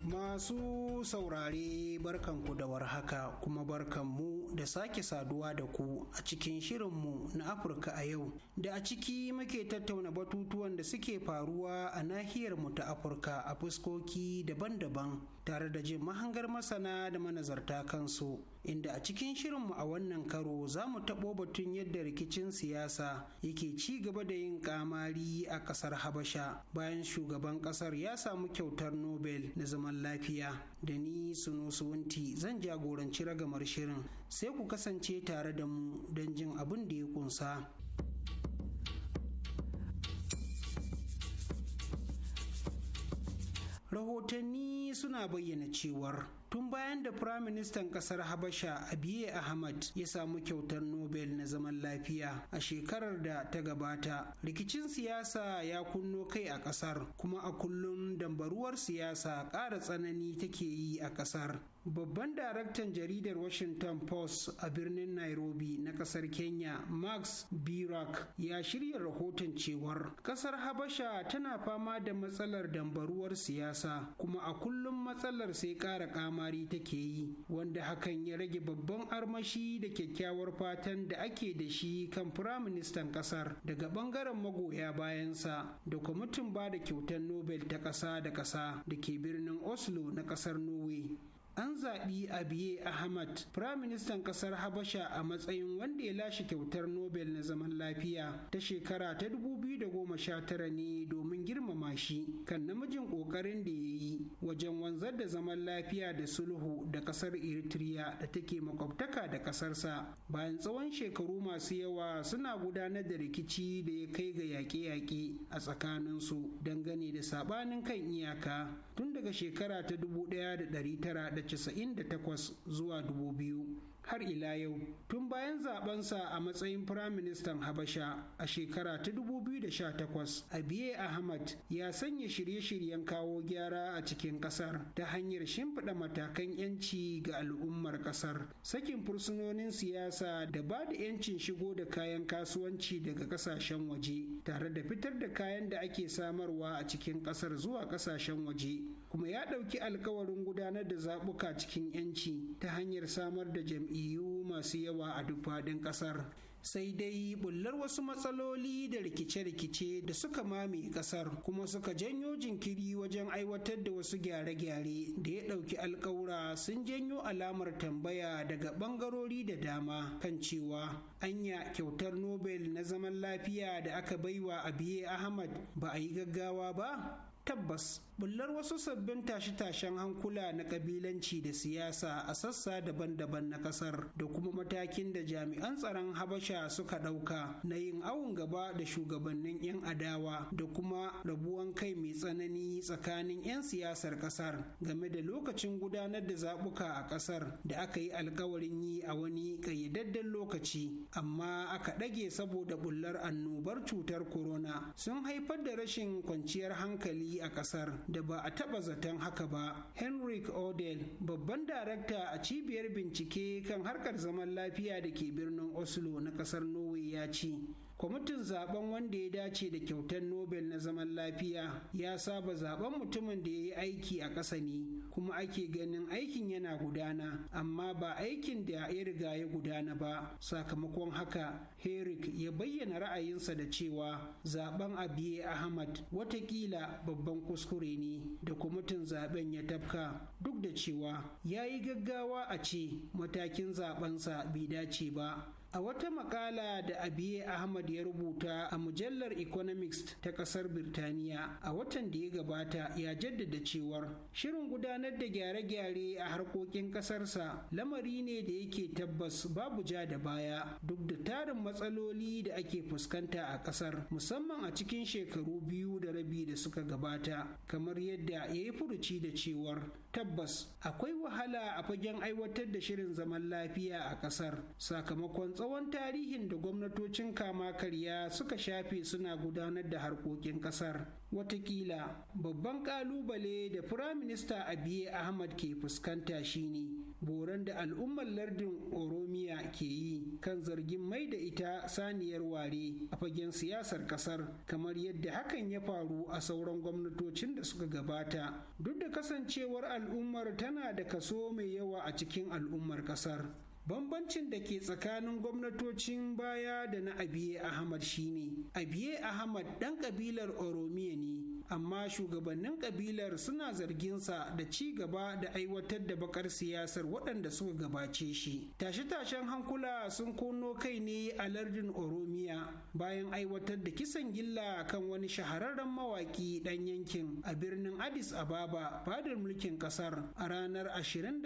Masu saurare barkanku da warhaka kuma barkanmu da sake saduwa da ku a cikin shirinmu na Afirka a yau da a ciki muke tattauna batutuwan da suke faruwa a nahiyarmu ta Afirka a fuskoki daban-daban tare da jin mahangar masana da manazarta kansu inda a cikin shirinmu a wannan karo za mu taɓo batun yadda rikicin siyasa yake ci gaba da yin kamari a ƙasar habasha bayan shugaban ƙasar ya samu kyautar nobel na zaman lafiya da ni sunusuwunti zan jagoranci ragamar shirin sai ku kasance tare da mu don jin abin da ya kunsa. rahotanni suna bayyana cewar tun bayan da firaministan kasar habasha abiye ahmad ya samu kyautar nobel na zaman lafiya a shekarar da ta gabata rikicin siyasa ya kunno kai a kasar kuma a kullum dambaruwar siyasa ƙara tsanani take yi a kasar babban daraktan jaridar washington post a birnin nairobi na kasar kenya max birak ya shirya rahoton cewar kasar habasha tana fama da matsalar dambaruwar siyasa kuma a kullum matsalar sai ƙara kamari take yi wanda hakan ya rage babban armashi da kyakkyawar fatan da ake da shi kan firaministan kasar daga ɓangaren magoya bayansa da kwamitin ba da kyautar nobel ta ƙasa da ƙasa da ke birnin oslo na ƙasar norway an zaɓi abiye ahmad firaministan ƙasar habasha a matsayin wanda ya lashe kyautar nobel na zaman lafiya ta shekara ta 2019 ne domin girmama shi kan namijin ƙoƙarin da ya yi wajen wanzar da zaman lafiya da sulhu da ƙasar eritrea da take makwabtaka da ƙasarsa bayan tsawon shekaru masu yawa suna gudanar da rikici da ya kai ga yaƙe-yaƙe a tsakaninsu dangane da saɓanin kan iyaka tun daga shekara ta 1998 zuwa 2000 har ila yau tun bayan zabensa a matsayin firaministan habasha a shekara ta 2018 abiye ahmad ya sanya shirye-shiryen kawo gyara a cikin kasar ta hanyar shimfiɗa matakan 'yanci ga al'ummar kasar sakin fursunonin siyasa da ba da 'yancin shigo da kayan kasuwanci daga kasashen waje tare da fitar da kayan da ake samarwa a cikin kasar zuwa kasashen waje kuma ya ɗauki alkawarin gudanar da zaɓuka cikin 'yanci ta hanyar samar da jam'iyyu masu yawa a duk faɗin ƙasar sai dai bullar wasu matsaloli da rikice-rikice da suka mame ƙasar kuma suka janyo jinkiri wajen aiwatar da wasu gyare-gyare da ya ɗauki alkawura sun janyo alamar tambaya daga ɓangarori da dama kan cewa anya kyautar nobel na zaman lafiya da aka baiwa abiye ahmad ba a yi gaggawa ba tabbas bullar wasu sabbin tashe-tashen hankula na kabilanci da siyasa a sassa daban-daban na kasar da kuma matakin da jami'an tsaron habasha suka ɗauka na yin awon gaba da shugabannin 'yan adawa da kuma rabuwan kai mai tsanani tsakanin 'yan siyasar kasar game da lokacin gudanar da zaɓuka a kasar da aka yi alkawarin yi a wani ƙayyadadden lokaci amma aka ɗage saboda bullar annobar cutar corona sun haifar da rashin kwanciyar hankali yaƙi a ƙasar da ba a taɓa zaton haka ba. Henrik Odell, babban darakta a cibiyar bincike kan harkar zaman lafiya da ke birnin Oslo na ƙasar Norway ya ce, kwamitin zaben wanda ya dace da kyautar nobel na zaman lafiya ya saba zaben mutumin da ya yi aiki a ƙasa ne kuma ake ganin aikin yana gudana amma ba aikin da ya riga ya gudana ba sakamakon haka herrick ya bayyana ra'ayinsa da cewa zaben abiye ahmad watakila babban kuskure ne da kwamitin zaben ya tafka duk da cewa ya yi gaggawa a ce matakin zabensa bai dace ba A wata makala da Abiye Ahmad ya rubuta a mujallar Economics ta kasar Birtaniya a watan da ya gabata ya jaddada cewar shirin gudanar da gyare-gyare a harkokin kasarsa lamari ne da yake tabbas babu ja da baya duk da tarin matsaloli da ake fuskanta a kasar musamman a cikin shekaru biyu da rabi da suka gabata kamar yadda ya yi furuci da cewar tabbas akwai wahala a fagen aiwatar da shirin zaman lafiya a kasar sakamakon tsawon tarihin da gwamnatocin kama karya suka shafe suna gudanar da harkokin kasar watakila babban kalubale da firaminista abiye ahmad ke fuskanta shine boran da al'ummar lardin oromiya ke yi kan zargin mai da ita saniyar ware a fagen siyasar kasar kamar yadda hakan ya faru a sauran gwamnatocin da suka gabata duk da kasancewar al'ummar tana da kaso mai yawa a cikin al'ummar kasar bambancin da ke tsakanin gwamnatocin baya da na abiye ahmad shine abiye ahmad ɗan ƙabilar oromiya ne amma shugabannin kabilar suna zarginsa da ci gaba da aiwatar da bakar siyasar waɗanda suka gabace shi tashe-tashen hankula sun kuno kai ne a lardin oromiya bayan aiwatar da kisan gilla kan wani shahararren mawaƙi ɗan yankin a birnin addis ababa fadar mulkin ƙasar a ranar 29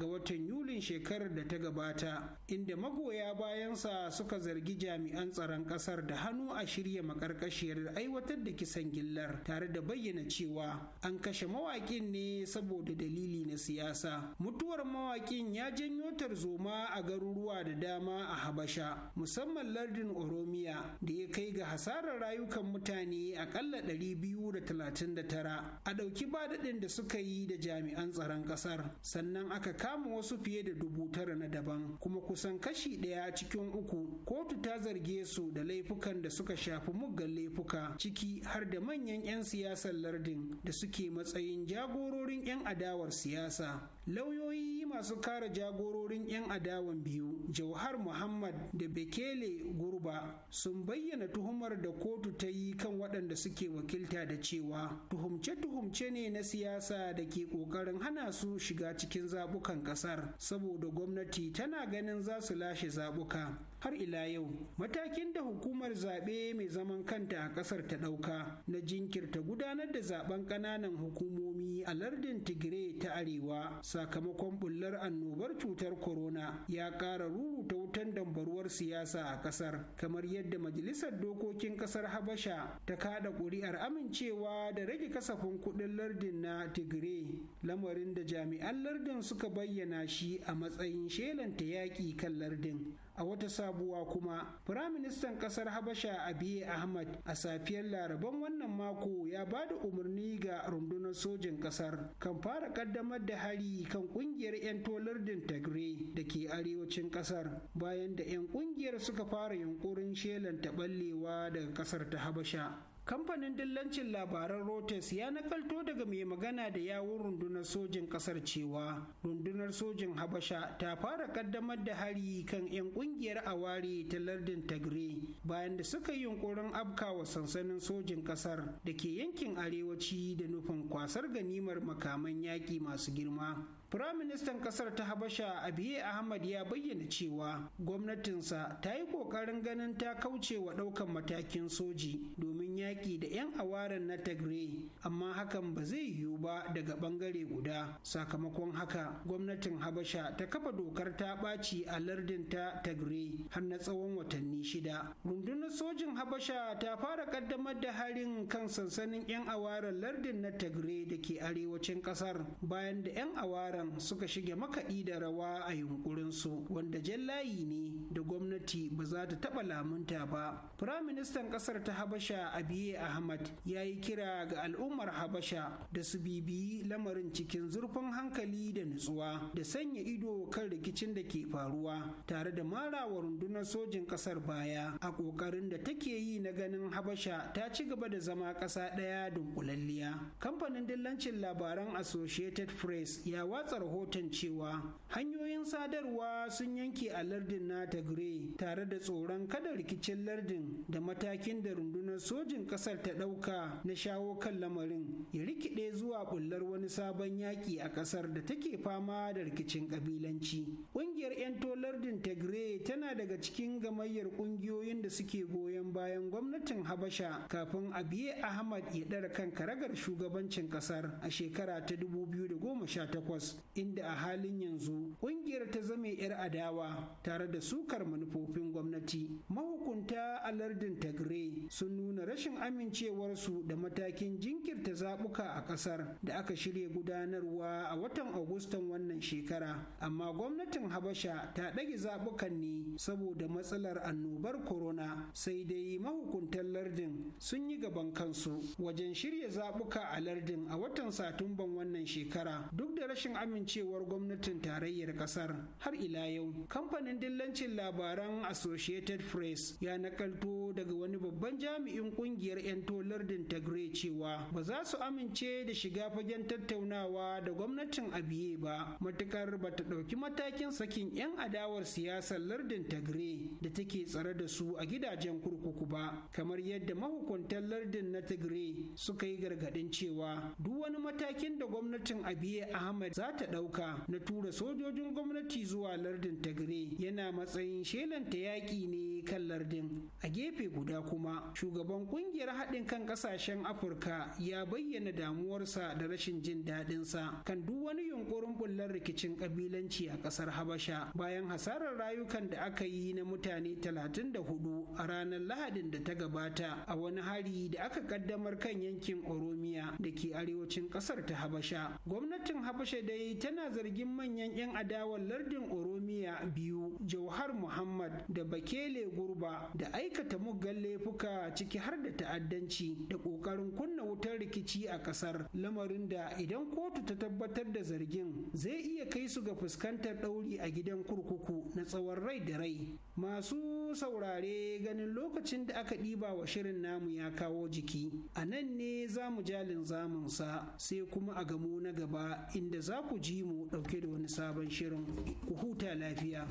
ga watan yulin shekarar da ta gabata inda magoya bayansa suka zargi jami'an tsaron ƙasar da hannu a shirya maƙarƙashiyar aiwatar da kisan gillar tare da bayyana cewa an kashe mawaƙin ne saboda dalili na siyasa mutuwar mawaƙin ya janyo tarzoma a garuruwa da dama a habasha musamman lardin oromiya da ya kai ga hasarar rayukan mutane akalla 239 a ɗauki badadin da suka yi da jami'an tsaron ƙasar sannan aka kama wasu fiye da dubu tara na daban kuma kusan kashi ɗaya cikin uku kotu ta zarge su da laifukan da suka shafi muggan laifuka ciki har da manyan 'yan siyasar lardin da suke matsayin jagororin 'yan adawar siyasa lauyoyi masu kare jagororin 'yan adawan biyu jauhar muhammad da bekele gurba sun bayyana tuhumar da kotu ta yi kan waɗanda suke wakilta da cewa tuhumce-tuhumce ne na siyasa da ke ƙoƙarin hana su shiga cikin zaɓukan ƙasar saboda gwamnati tana ganin za su lashe zaɓuka har ila yau matakin da hukumar zaɓe mai zaman kanta a ƙasar ta ɗauka na jinkirta gudanar da zaben ƙananan hukumomi a lardin tigray ta arewa sakamakon bullar annobar cutar corona ya ƙara ta wutan dambaruwar siyasa a ƙasar kamar yadda majalisar dokokin ƙasar habasha ta kaɗa ƙuri'ar amincewa da rage kasafin kuɗin lardin na tigray lamarin da jami'an lardin suka bayyana shi a matsayin shelanta yaƙi kan lardin a wata sabuwa kuma firaministan ƙasar habasha abiy ahmad a safiyar laraban wannan mako ya ba da umarni ga rundunar sojin ƙasar, kan fara ƙaddamar da hari kan ƙungiyar 'yan tolardin tigray da ke arewacin ƙasar, bayan da 'yan ƙungiyar suka fara yunƙurin shelanta ballewa daga ƙasar ta habasha kamfanin dillancin labaran Rotes ya nakalto daga mai magana da yawon rundunar sojin kasar cewa rundunar sojin Habasha ta fara kaddamar da hari kan 'yan kungiyar aware ta lardin Tagre bayan da suka yi yunkurin afkawa sansanin sojin kasar da ke yankin arewaci da nufin kwasar ganimar makaman yaƙi masu girma. Firaministan ƙasar ta Habasha Abiye Ahmad ya bayyana cewa gwamnatinsa ta yi ƙoƙarin ganin ta kauce wa ɗaukan matakin soji domin yaƙi da 'yan awaren na Tigray, amma hakan ba zai yiwu ba daga ɓangare guda. Sakamakon haka, gwamnatin Habasha ta kafa dokar ta ɓaci a lardin ta Tigray har na tsawon watanni shida. Rundunar sojin Habasha ta fara ƙaddamar da harin kan sansanin 'yan awaren lardin na Tagre da ke arewacin ƙasar bayan da 'yan awaren iran suka shige makaɗi da rawa a yunkurinsu wanda jallayi ne da gwamnati ba za ta taɓa lamunta ba firaministan ƙasar ta habasha abiye ahmad ya yi kira ga al'ummar habasha da su bibiyi lamarin cikin zurfin hankali da nutsuwa da sanya ido kan rikicin da ke faruwa tare da marawa rundunar sojin ƙasar baya a ƙoƙarin da take yi na ganin habasha ta ci gaba da zama ƙasa ɗaya dunkulalliya kamfanin dillancin labaran associated press ya watsa watsa rahoton cewa hanyoyin sadarwa sun yanke a lardin na Tagre tare da tsoron kada rikicin lardin da matakin da rundunar sojin kasar ta ɗauka na shawo kan lamarin ya rikide zuwa bullar wani sabon yaƙi a kasar da take fama da rikicin kabilanci. Ƙungiyar 'yan lardin Tagre tana daga cikin gamayyar ƙungiyoyin da suke goyon bayan gwamnatin Habasha kafin biye Ahmad ya ɗara kan karagar shugabancin kasar a shekara ta 2018 inda a halin yanzu kungiyar ta zama 'yar adawa tare da sukar manufofin gwamnati mahukunta a lardin tagre sun nuna rashin amincewarsu da matakin jinkirta zabuka a kasar da aka shirya gudanarwa a watan agustan wannan shekara amma gwamnatin habasha ta ɗage zabukan ne saboda matsalar annobar corona sai dai mahukuntar lardin sun yi gaban kansu wajen shirya zabuka a lardin a watan satumban wannan shekara duk da rashin amincewar gwamnatin tarayyar kasar har ila yau kamfanin dillancin labaran associated press ya nakalto daga wani babban jami'in kungiyar 'yan tolardin tagre cewa ba za su amince da shiga fagen tattaunawa da gwamnatin abiye ba matukar ba ta ɗauki matakin sakin 'yan adawar siyasar lardin tagre da take tsare da su a gidajen kurkuku ba kamar yadda mahukuntan lardin na tagre suka yi gargaɗin cewa duk wani matakin da gwamnatin abiye ahmed za ta ta ɗauka na tura sojojin gwamnati zuwa lardin Tigray yana matsayin shelanta yaƙi ne kan lardin. A gefe guda kuma shugaban ƙungiyar haɗin kan ƙasashen Afirka ya bayyana damuwarsa da rashin jin daɗinsa kan duk wani yunkurin bullar rikicin ƙabilanci a ƙasar Habasha bayan hasarar rayukan da aka yi na mutane 34 a ranar Lahadin da ta gabata a wani hari da aka ƙaddamar kan yankin Oromiya da ke arewacin ƙasar ta Habasha. Gwamnatin Habasha dai dai eh, tana zargin manyan 'yan adawar lardin oromiya biyu jauhar muhammad da bakele gurba da aikata muggan laifuka ciki har da ta'addanci da ƙoƙarin kunna wutar rikici a ƙasar lamarin da idan kotu ta tabbatar da zargin zai iya kai su ga fuskantar ɗauri a gidan kurkuku na tsawon rai da rai masu saurare ganin lokacin da aka ɗiba wa shirin namu ya kawo jiki a nan ne za mu jalin zamansa sai kuma a gamo na gaba inda za ku ku ji mu ɗauke da wani sabon shirin ku huta lafiya.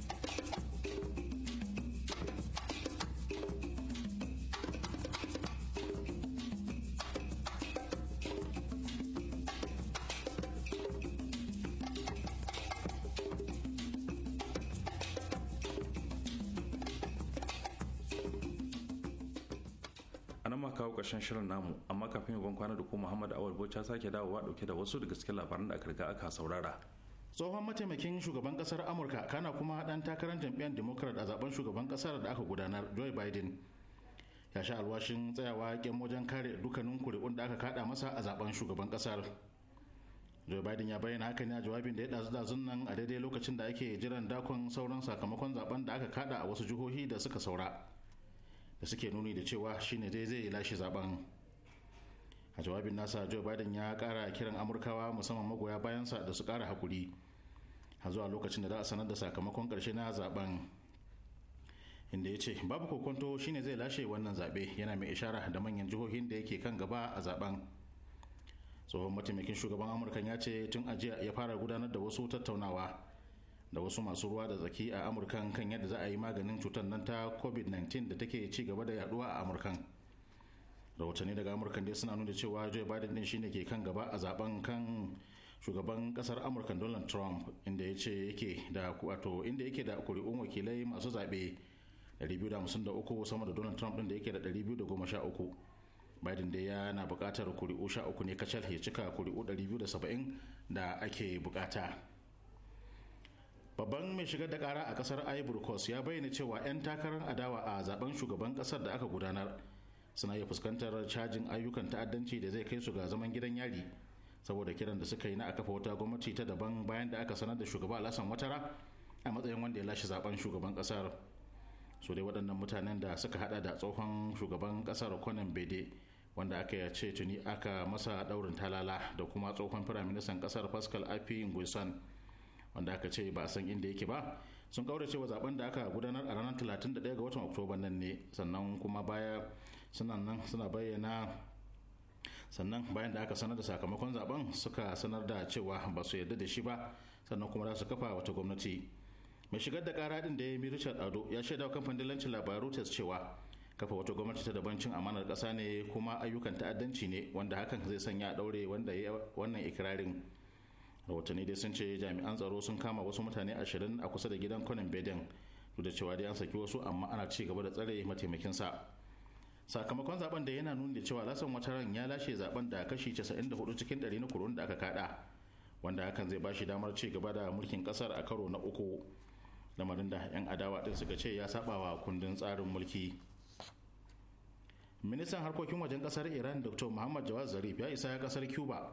shirin namu amma kafin yawan kwana da ko muhammad awal bocha sake dawowa dauke da wasu daga cikin labaran da aka riga aka saurara tsohon mataimakin shugaban kasar amurka kana kuma dan takarar jam'iyyar democrat a zaben shugaban kasar da aka gudanar joe biden ya sha alwashin tsayawa yakin wajen kare dukkanin kuri'un da aka kada masa a zaben shugaban kasar joe biden ya bayyana haka ne a jawabin da ya dazu dazun nan a daidai lokacin da ake jiran dakon sauran sakamakon zaben da aka kada a wasu jihohi da suka saura da suke nuni da cewa shine dai zai lashe zaben a jawabin nasa joe biden ya kara kiran amurkawa musamman magoya bayansa da su kara hakuri a zuwa lokacin da za a sanar da sakamakon karshe na zaben inda ya ce babu kokonto shine zai lashe wannan zabe yana mai ishara da manyan jihohin da yake kan gaba a zaben tsohon mataimakin shugaban amurka ya ce tun ajiya ya fara gudanar da wasu tattaunawa da wasu masu ruwa da tsaki a amurkan kan yadda za a yi maganin cutar nan ta covid-19 da take ci gaba da yaduwa a amurkan rahotanni daga amurkan dai suna nuna cewa joe biden din shine ke kan gaba a zaben kan shugaban kasar amurkan donald trump inda ya ce yake da wato inda yake da kuri'un wakilai masu zaɓe 253 sama da donald trump din da yake da 213 biden dai yana buƙatar kuri'u 13 ne kacal ya cika kuri'u 270 da ake buƙata babban mai shigar da kara a kasar ivory coast ya bayyana cewa 'yan takarar adawa a zaben shugaban kasar da aka gudanar suna iya fuskantar cajin ayyukan ta'addanci da zai kai su ga zaman gidan yari saboda kiran da suka yi na a kafa wata gwamnati ta daban bayan da aka sanar da shugaba alasan watara a matsayin wanda ya lashe zaben shugaban kasar su dai waɗannan mutanen da suka hada da tsohon shugaban kasar conan bede wanda aka ya ce tuni aka masa daurin talala da kuma tsohon firaministan kasar pascal afi nguisan wanda aka ce ba a san inda yake ba sun kaurace wa zaben da aka gudanar a ranar 31 ga watan oktoba nan ne sannan kuma baya nan suna bayyana sannan bayan da aka sanar da sakamakon zaben suka sanar da cewa ba su yarda da shi ba sannan kuma za su kafa wata gwamnati mai shigar da kara din da ya yi richard ado ya shaida wa kamfanin dillancin labaru tas cewa kafa wata gwamnati ta daban cin amanar kasa ne kuma ayyukan ta'addanci ne wanda hakan zai sanya a daure wanda ya wannan ikirarin rahotanni dai sun ce jami'an tsaro sun kama wasu mutane ashirin a kusa da gidan kwanan beden duk da cewa dai an saki wasu amma ana ci gaba da tsare sa sakamakon zaben da yana nuni da cewa lasan ran ya lashe zaben da kashi 94 cikin 100 na kurun da aka kada wanda hakan zai bashi damar ci gaba da mulkin kasar a karo na uku lamarin da 'yan adawa din suka ce ya sabawa kundin tsarin mulki ministan harkokin wajen kasar iran dr muhammad jawad zarif ya isa ya kasar cuba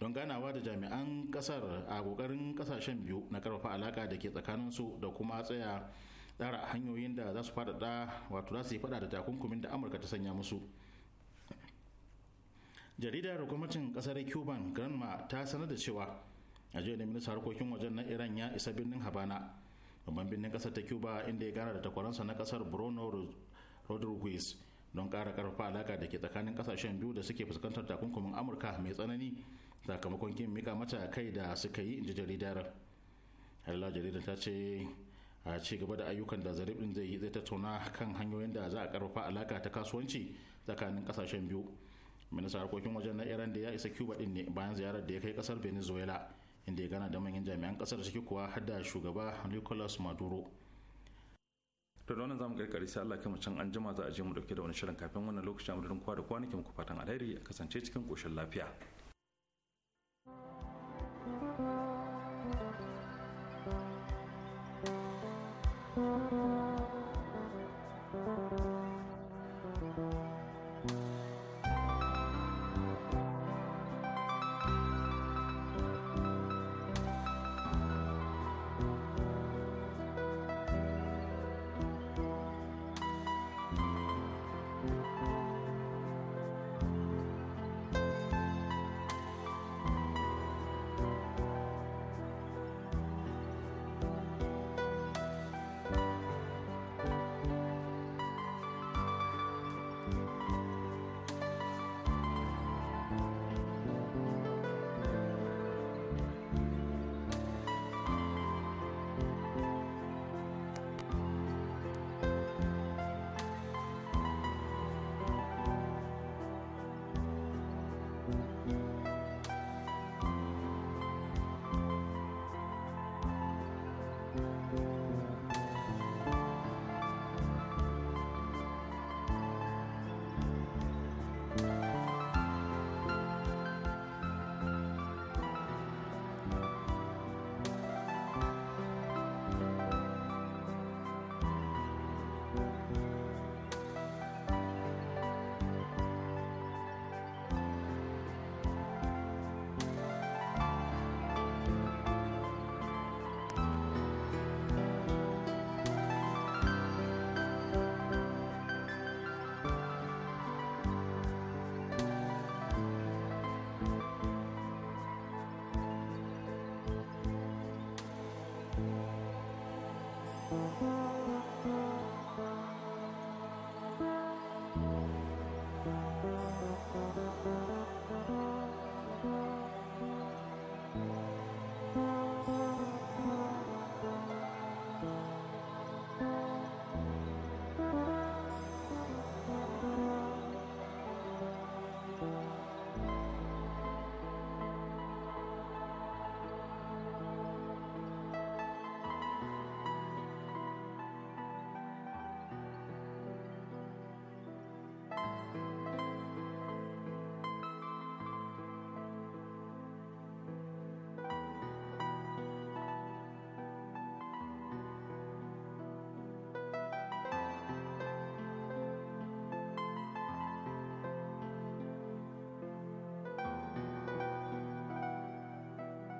don ganawa da jami'an kasar a kokarin kasashen biyu na karfafa alaka da ke tsakanin su da kuma tsaya tsara hanyoyin da za su fadada wato za su yi faɗa da takunkumin da amurka ta sanya musu jaridar gwamnatin kasar cuban granma ta sanar da cewa a jiya da minista harkokin wajen na iran ya isa birnin habana babban birnin kasar ta cuba inda ya gara da takwaransa na kasar bruno rodriguez don kara karfafa alaka da ke tsakanin kasashen biyu da suke fuskantar takunkumin amurka mai tsanani sakamakon kin mika mata kai da suka yi inji jaridar harila jaridar ta ce a ci gaba da ayyukan da zarif din zai yi zai tattauna kan hanyoyin da za a karfafa alaka ta kasuwanci tsakanin kasashen biyu minista harkokin wajen na iran da ya isa cuba din ne bayan ziyarar da ya kai kasar venezuela inda ya gana da manyan jami'an kasar ciki kuwa har da shugaba nicolas maduro to da wannan zamu karkare sai Allah kuma can an jima za a je mu dauke da wani shirin kafin wannan lokacin mu da da kwanakin ku fatan alheri a kasance cikin koshin lafiya